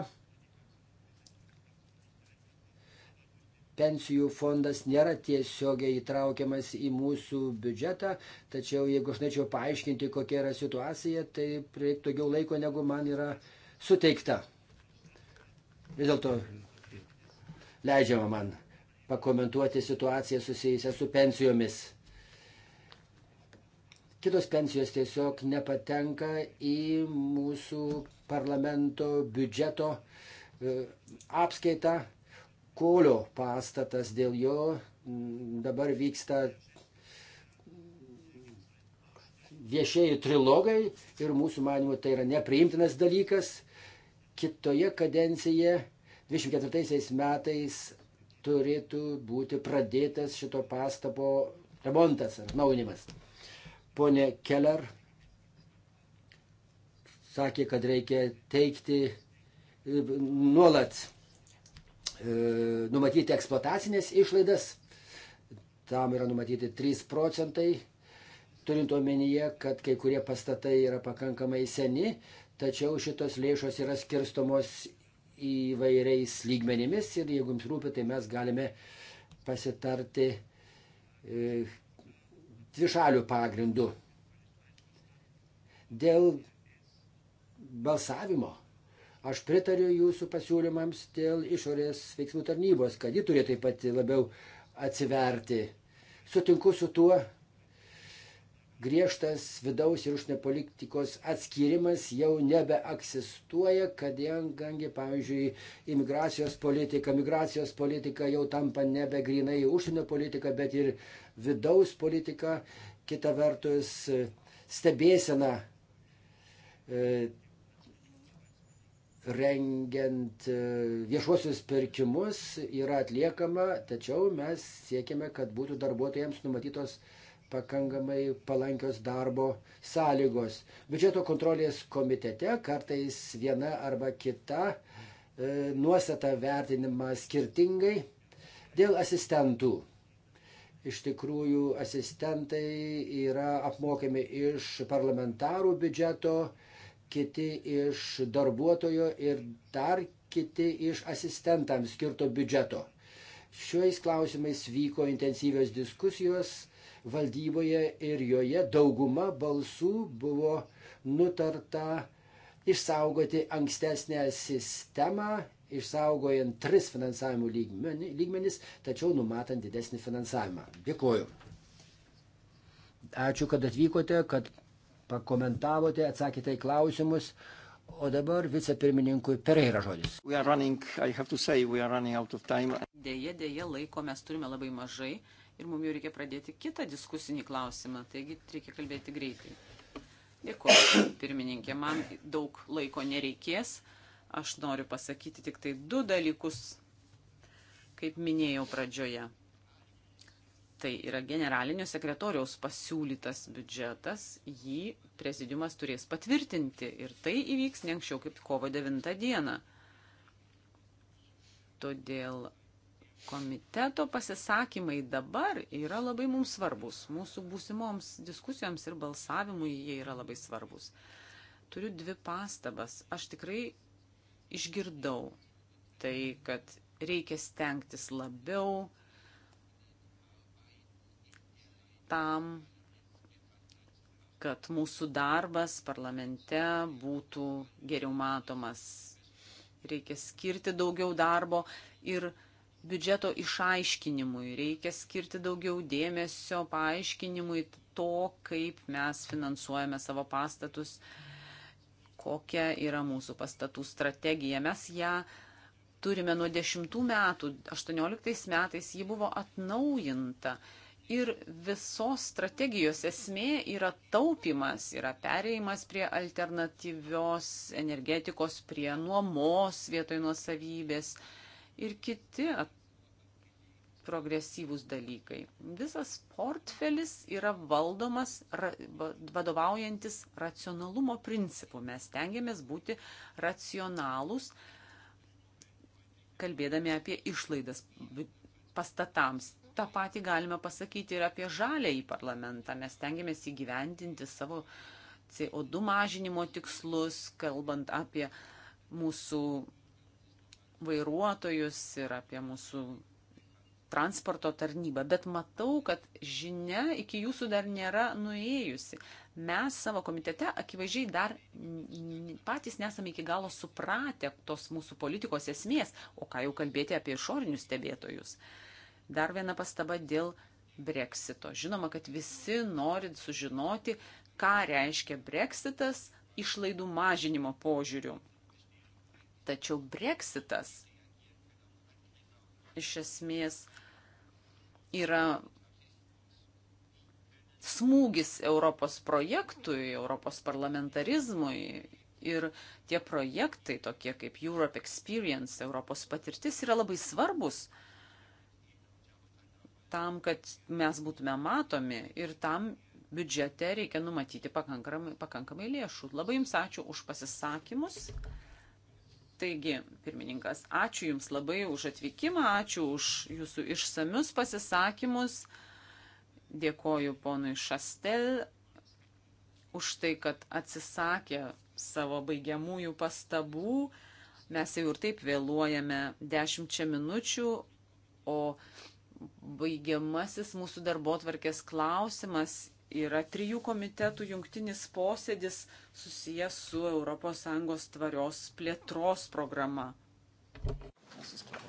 Pensijų fondas nėra tiesiogiai įtraukiamas į mūsų biudžetą, tačiau jeigu aš norėčiau paaiškinti, kokia yra situacija, tai reiktų daugiau laiko, negu man yra suteikta. Vis dėlto leidžiama man pakomentuoti situaciją susijusią su pensijomis kitos pensijos tiesiog nepatenka į mūsų parlamento biudžeto e, apskaitą. Kolio pastatas dėl jo dabar vyksta viešieji trilogai ir mūsų manimo tai yra nepriimtinas dalykas. Kitoje kadencijoje 24 metais turėtų būti pradėtas šito pastato remontas ar naunimas. Pone Keller sakė, kad reikia teikti nuolat e, numatyti eksploatacinės išlaidas. Tam yra numatyti 3 procentai, turint omenyje, kad kai kurie pastatai yra pakankamai seni, tačiau šitos lėšos yra skirstomos įvairiais lygmenimis ir jeigu jums rūpi, tai mes galime pasitarti, e, trišalių pagrindų. Dėl balsavimo aš pritariu jūsų pasiūlymams dėl išorės veiksmų tarnybos, kad ji turėtų taip pat labiau atsiverti. Sutinku su tuo, griežtas vidaus ir užsienio politikos atskirimas jau nebeegzistuoja, kadangi, pavyzdžiui, imigracijos politika, migracijos politika jau tampa nebegrinai užsienio politika, bet ir vidaus politika, kita vertus stebėsena e, rengiant e, viešuosius pirkimus yra atliekama, tačiau mes siekiame, kad būtų darbuotojams numatytos uh, pakankamai palankios darbo sąlygos. Biudžeto kontrolės komitete kartais viena arba kita e, nuostata vertinama skirtingai dėl asistentų. Iš tikrųjų, asistentai yra apmokami iš parlamentarų biudžeto, kiti iš darbuotojo ir dar kiti iš asistentams skirto biudžeto. Šiais klausimais vyko intensyvios diskusijos valdyboje ir joje dauguma balsų buvo nutarta išsaugoti ankstesnę sistemą, išsaugojant tris finansavimo lygmenis, tačiau numatant didesnį finansavimą. Dėkuoju. Ačiū, kad atvykote, kad pakomentavote, atsakėte į klausimus. O dabar vicepirmininkui Pereira žodis. Running, say, Deja, deja, laiko mes turime labai mažai, ir mums jau reikia pradėti kitą diskusinį klausimą, taigi reikia kalbėti greitai. Dėkuoju, pirmininkė, man daug laiko nereikės. Aš noriu pasakyti tik tai du dalykus, kaip minėjau pradžioje. Tai yra generalinio sekretoriaus pasiūlytas biudžetas, jį prezidiumas turės patvirtinti ir tai įvyks ne anksčiau kaip kovo 9 dieną. Todėl komiteto pasisakymai dabar yra labai mums svarbus. Mūsų būsimoms diskusijoms ir balsavimui jie yra labai svarbus. Turiu dvi pastabas. Aš tikrai išgirdau tai, kad reikia stengtis labiau tam, kad mūsų darbas parlamente būtų geriau matomas. Reikia skirti daugiau darbo ir biudžeto išaiškinimui, reikia skirti daugiau dėmesio paaiškinimui to, kaip mes finansuojame savo pastatus, kokia yra mūsų pastatų strategija. Mes ją turime nuo 10 metų, 18 metais ji buvo atnaujinta. Ir visos strategijos esmė yra taupimas, yra pereimas prie alternatyvios energetikos, prie nuomos vietoj nuosavybės ir kiti at, progresyvūs dalykai. Visas portfelis yra valdomas, ra, vadovaujantis racionalumo principu. Mes tengiamės būti racionalūs, kalbėdami apie išlaidas pastatams. Ta pati galime pasakyti ir apie žalę į parlamentą. Mes tengiamės įgyvendinti savo CO2 mažinimo tikslus, kalbant apie mūsų vairuotojus ir apie mūsų transporto tarnybą, bet matau, kad žinia iki jūsų dar nėra nuėjusi. Mes savo komitete akivaizdžiai dar patys nesame iki galo supratę tos mūsų politikos esmės, o ką jau kalbėti apie išorinius stebėtojus. Dar viena pastaba dėl breksito. Žinoma, kad visi nori sužinoti, ką reiškia breksitas išlaidų mažinimo požiūriu. Tačiau breksitas iš esmės yra smūgis Europos projektui, Europos parlamentarizmui. Ir tie projektai, tokie kaip Europe Experience, Europos patirtis, yra labai svarbus tam, kad mes būtume matomi ir tam biudžete reikia numatyti pakankamai, pakankamai lėšų. Labai Jums ačiū už pasisakymus. Taigi, pirmininkas, ačiū Jums labai už atvykimą, ačiū už Jūsų išsamius pasisakymus. Dėkoju ponui Šastel už tai, kad atsisakė savo baigiamųjų pastabų. Mes jau ir taip vėluojame dešimčia minučių, o baigiamasis mūsų darbo tvarkės klausimas yra trijų komitetų jungtinis posėdis susijęs su ES tvarios plėtros programa. Nesustoju.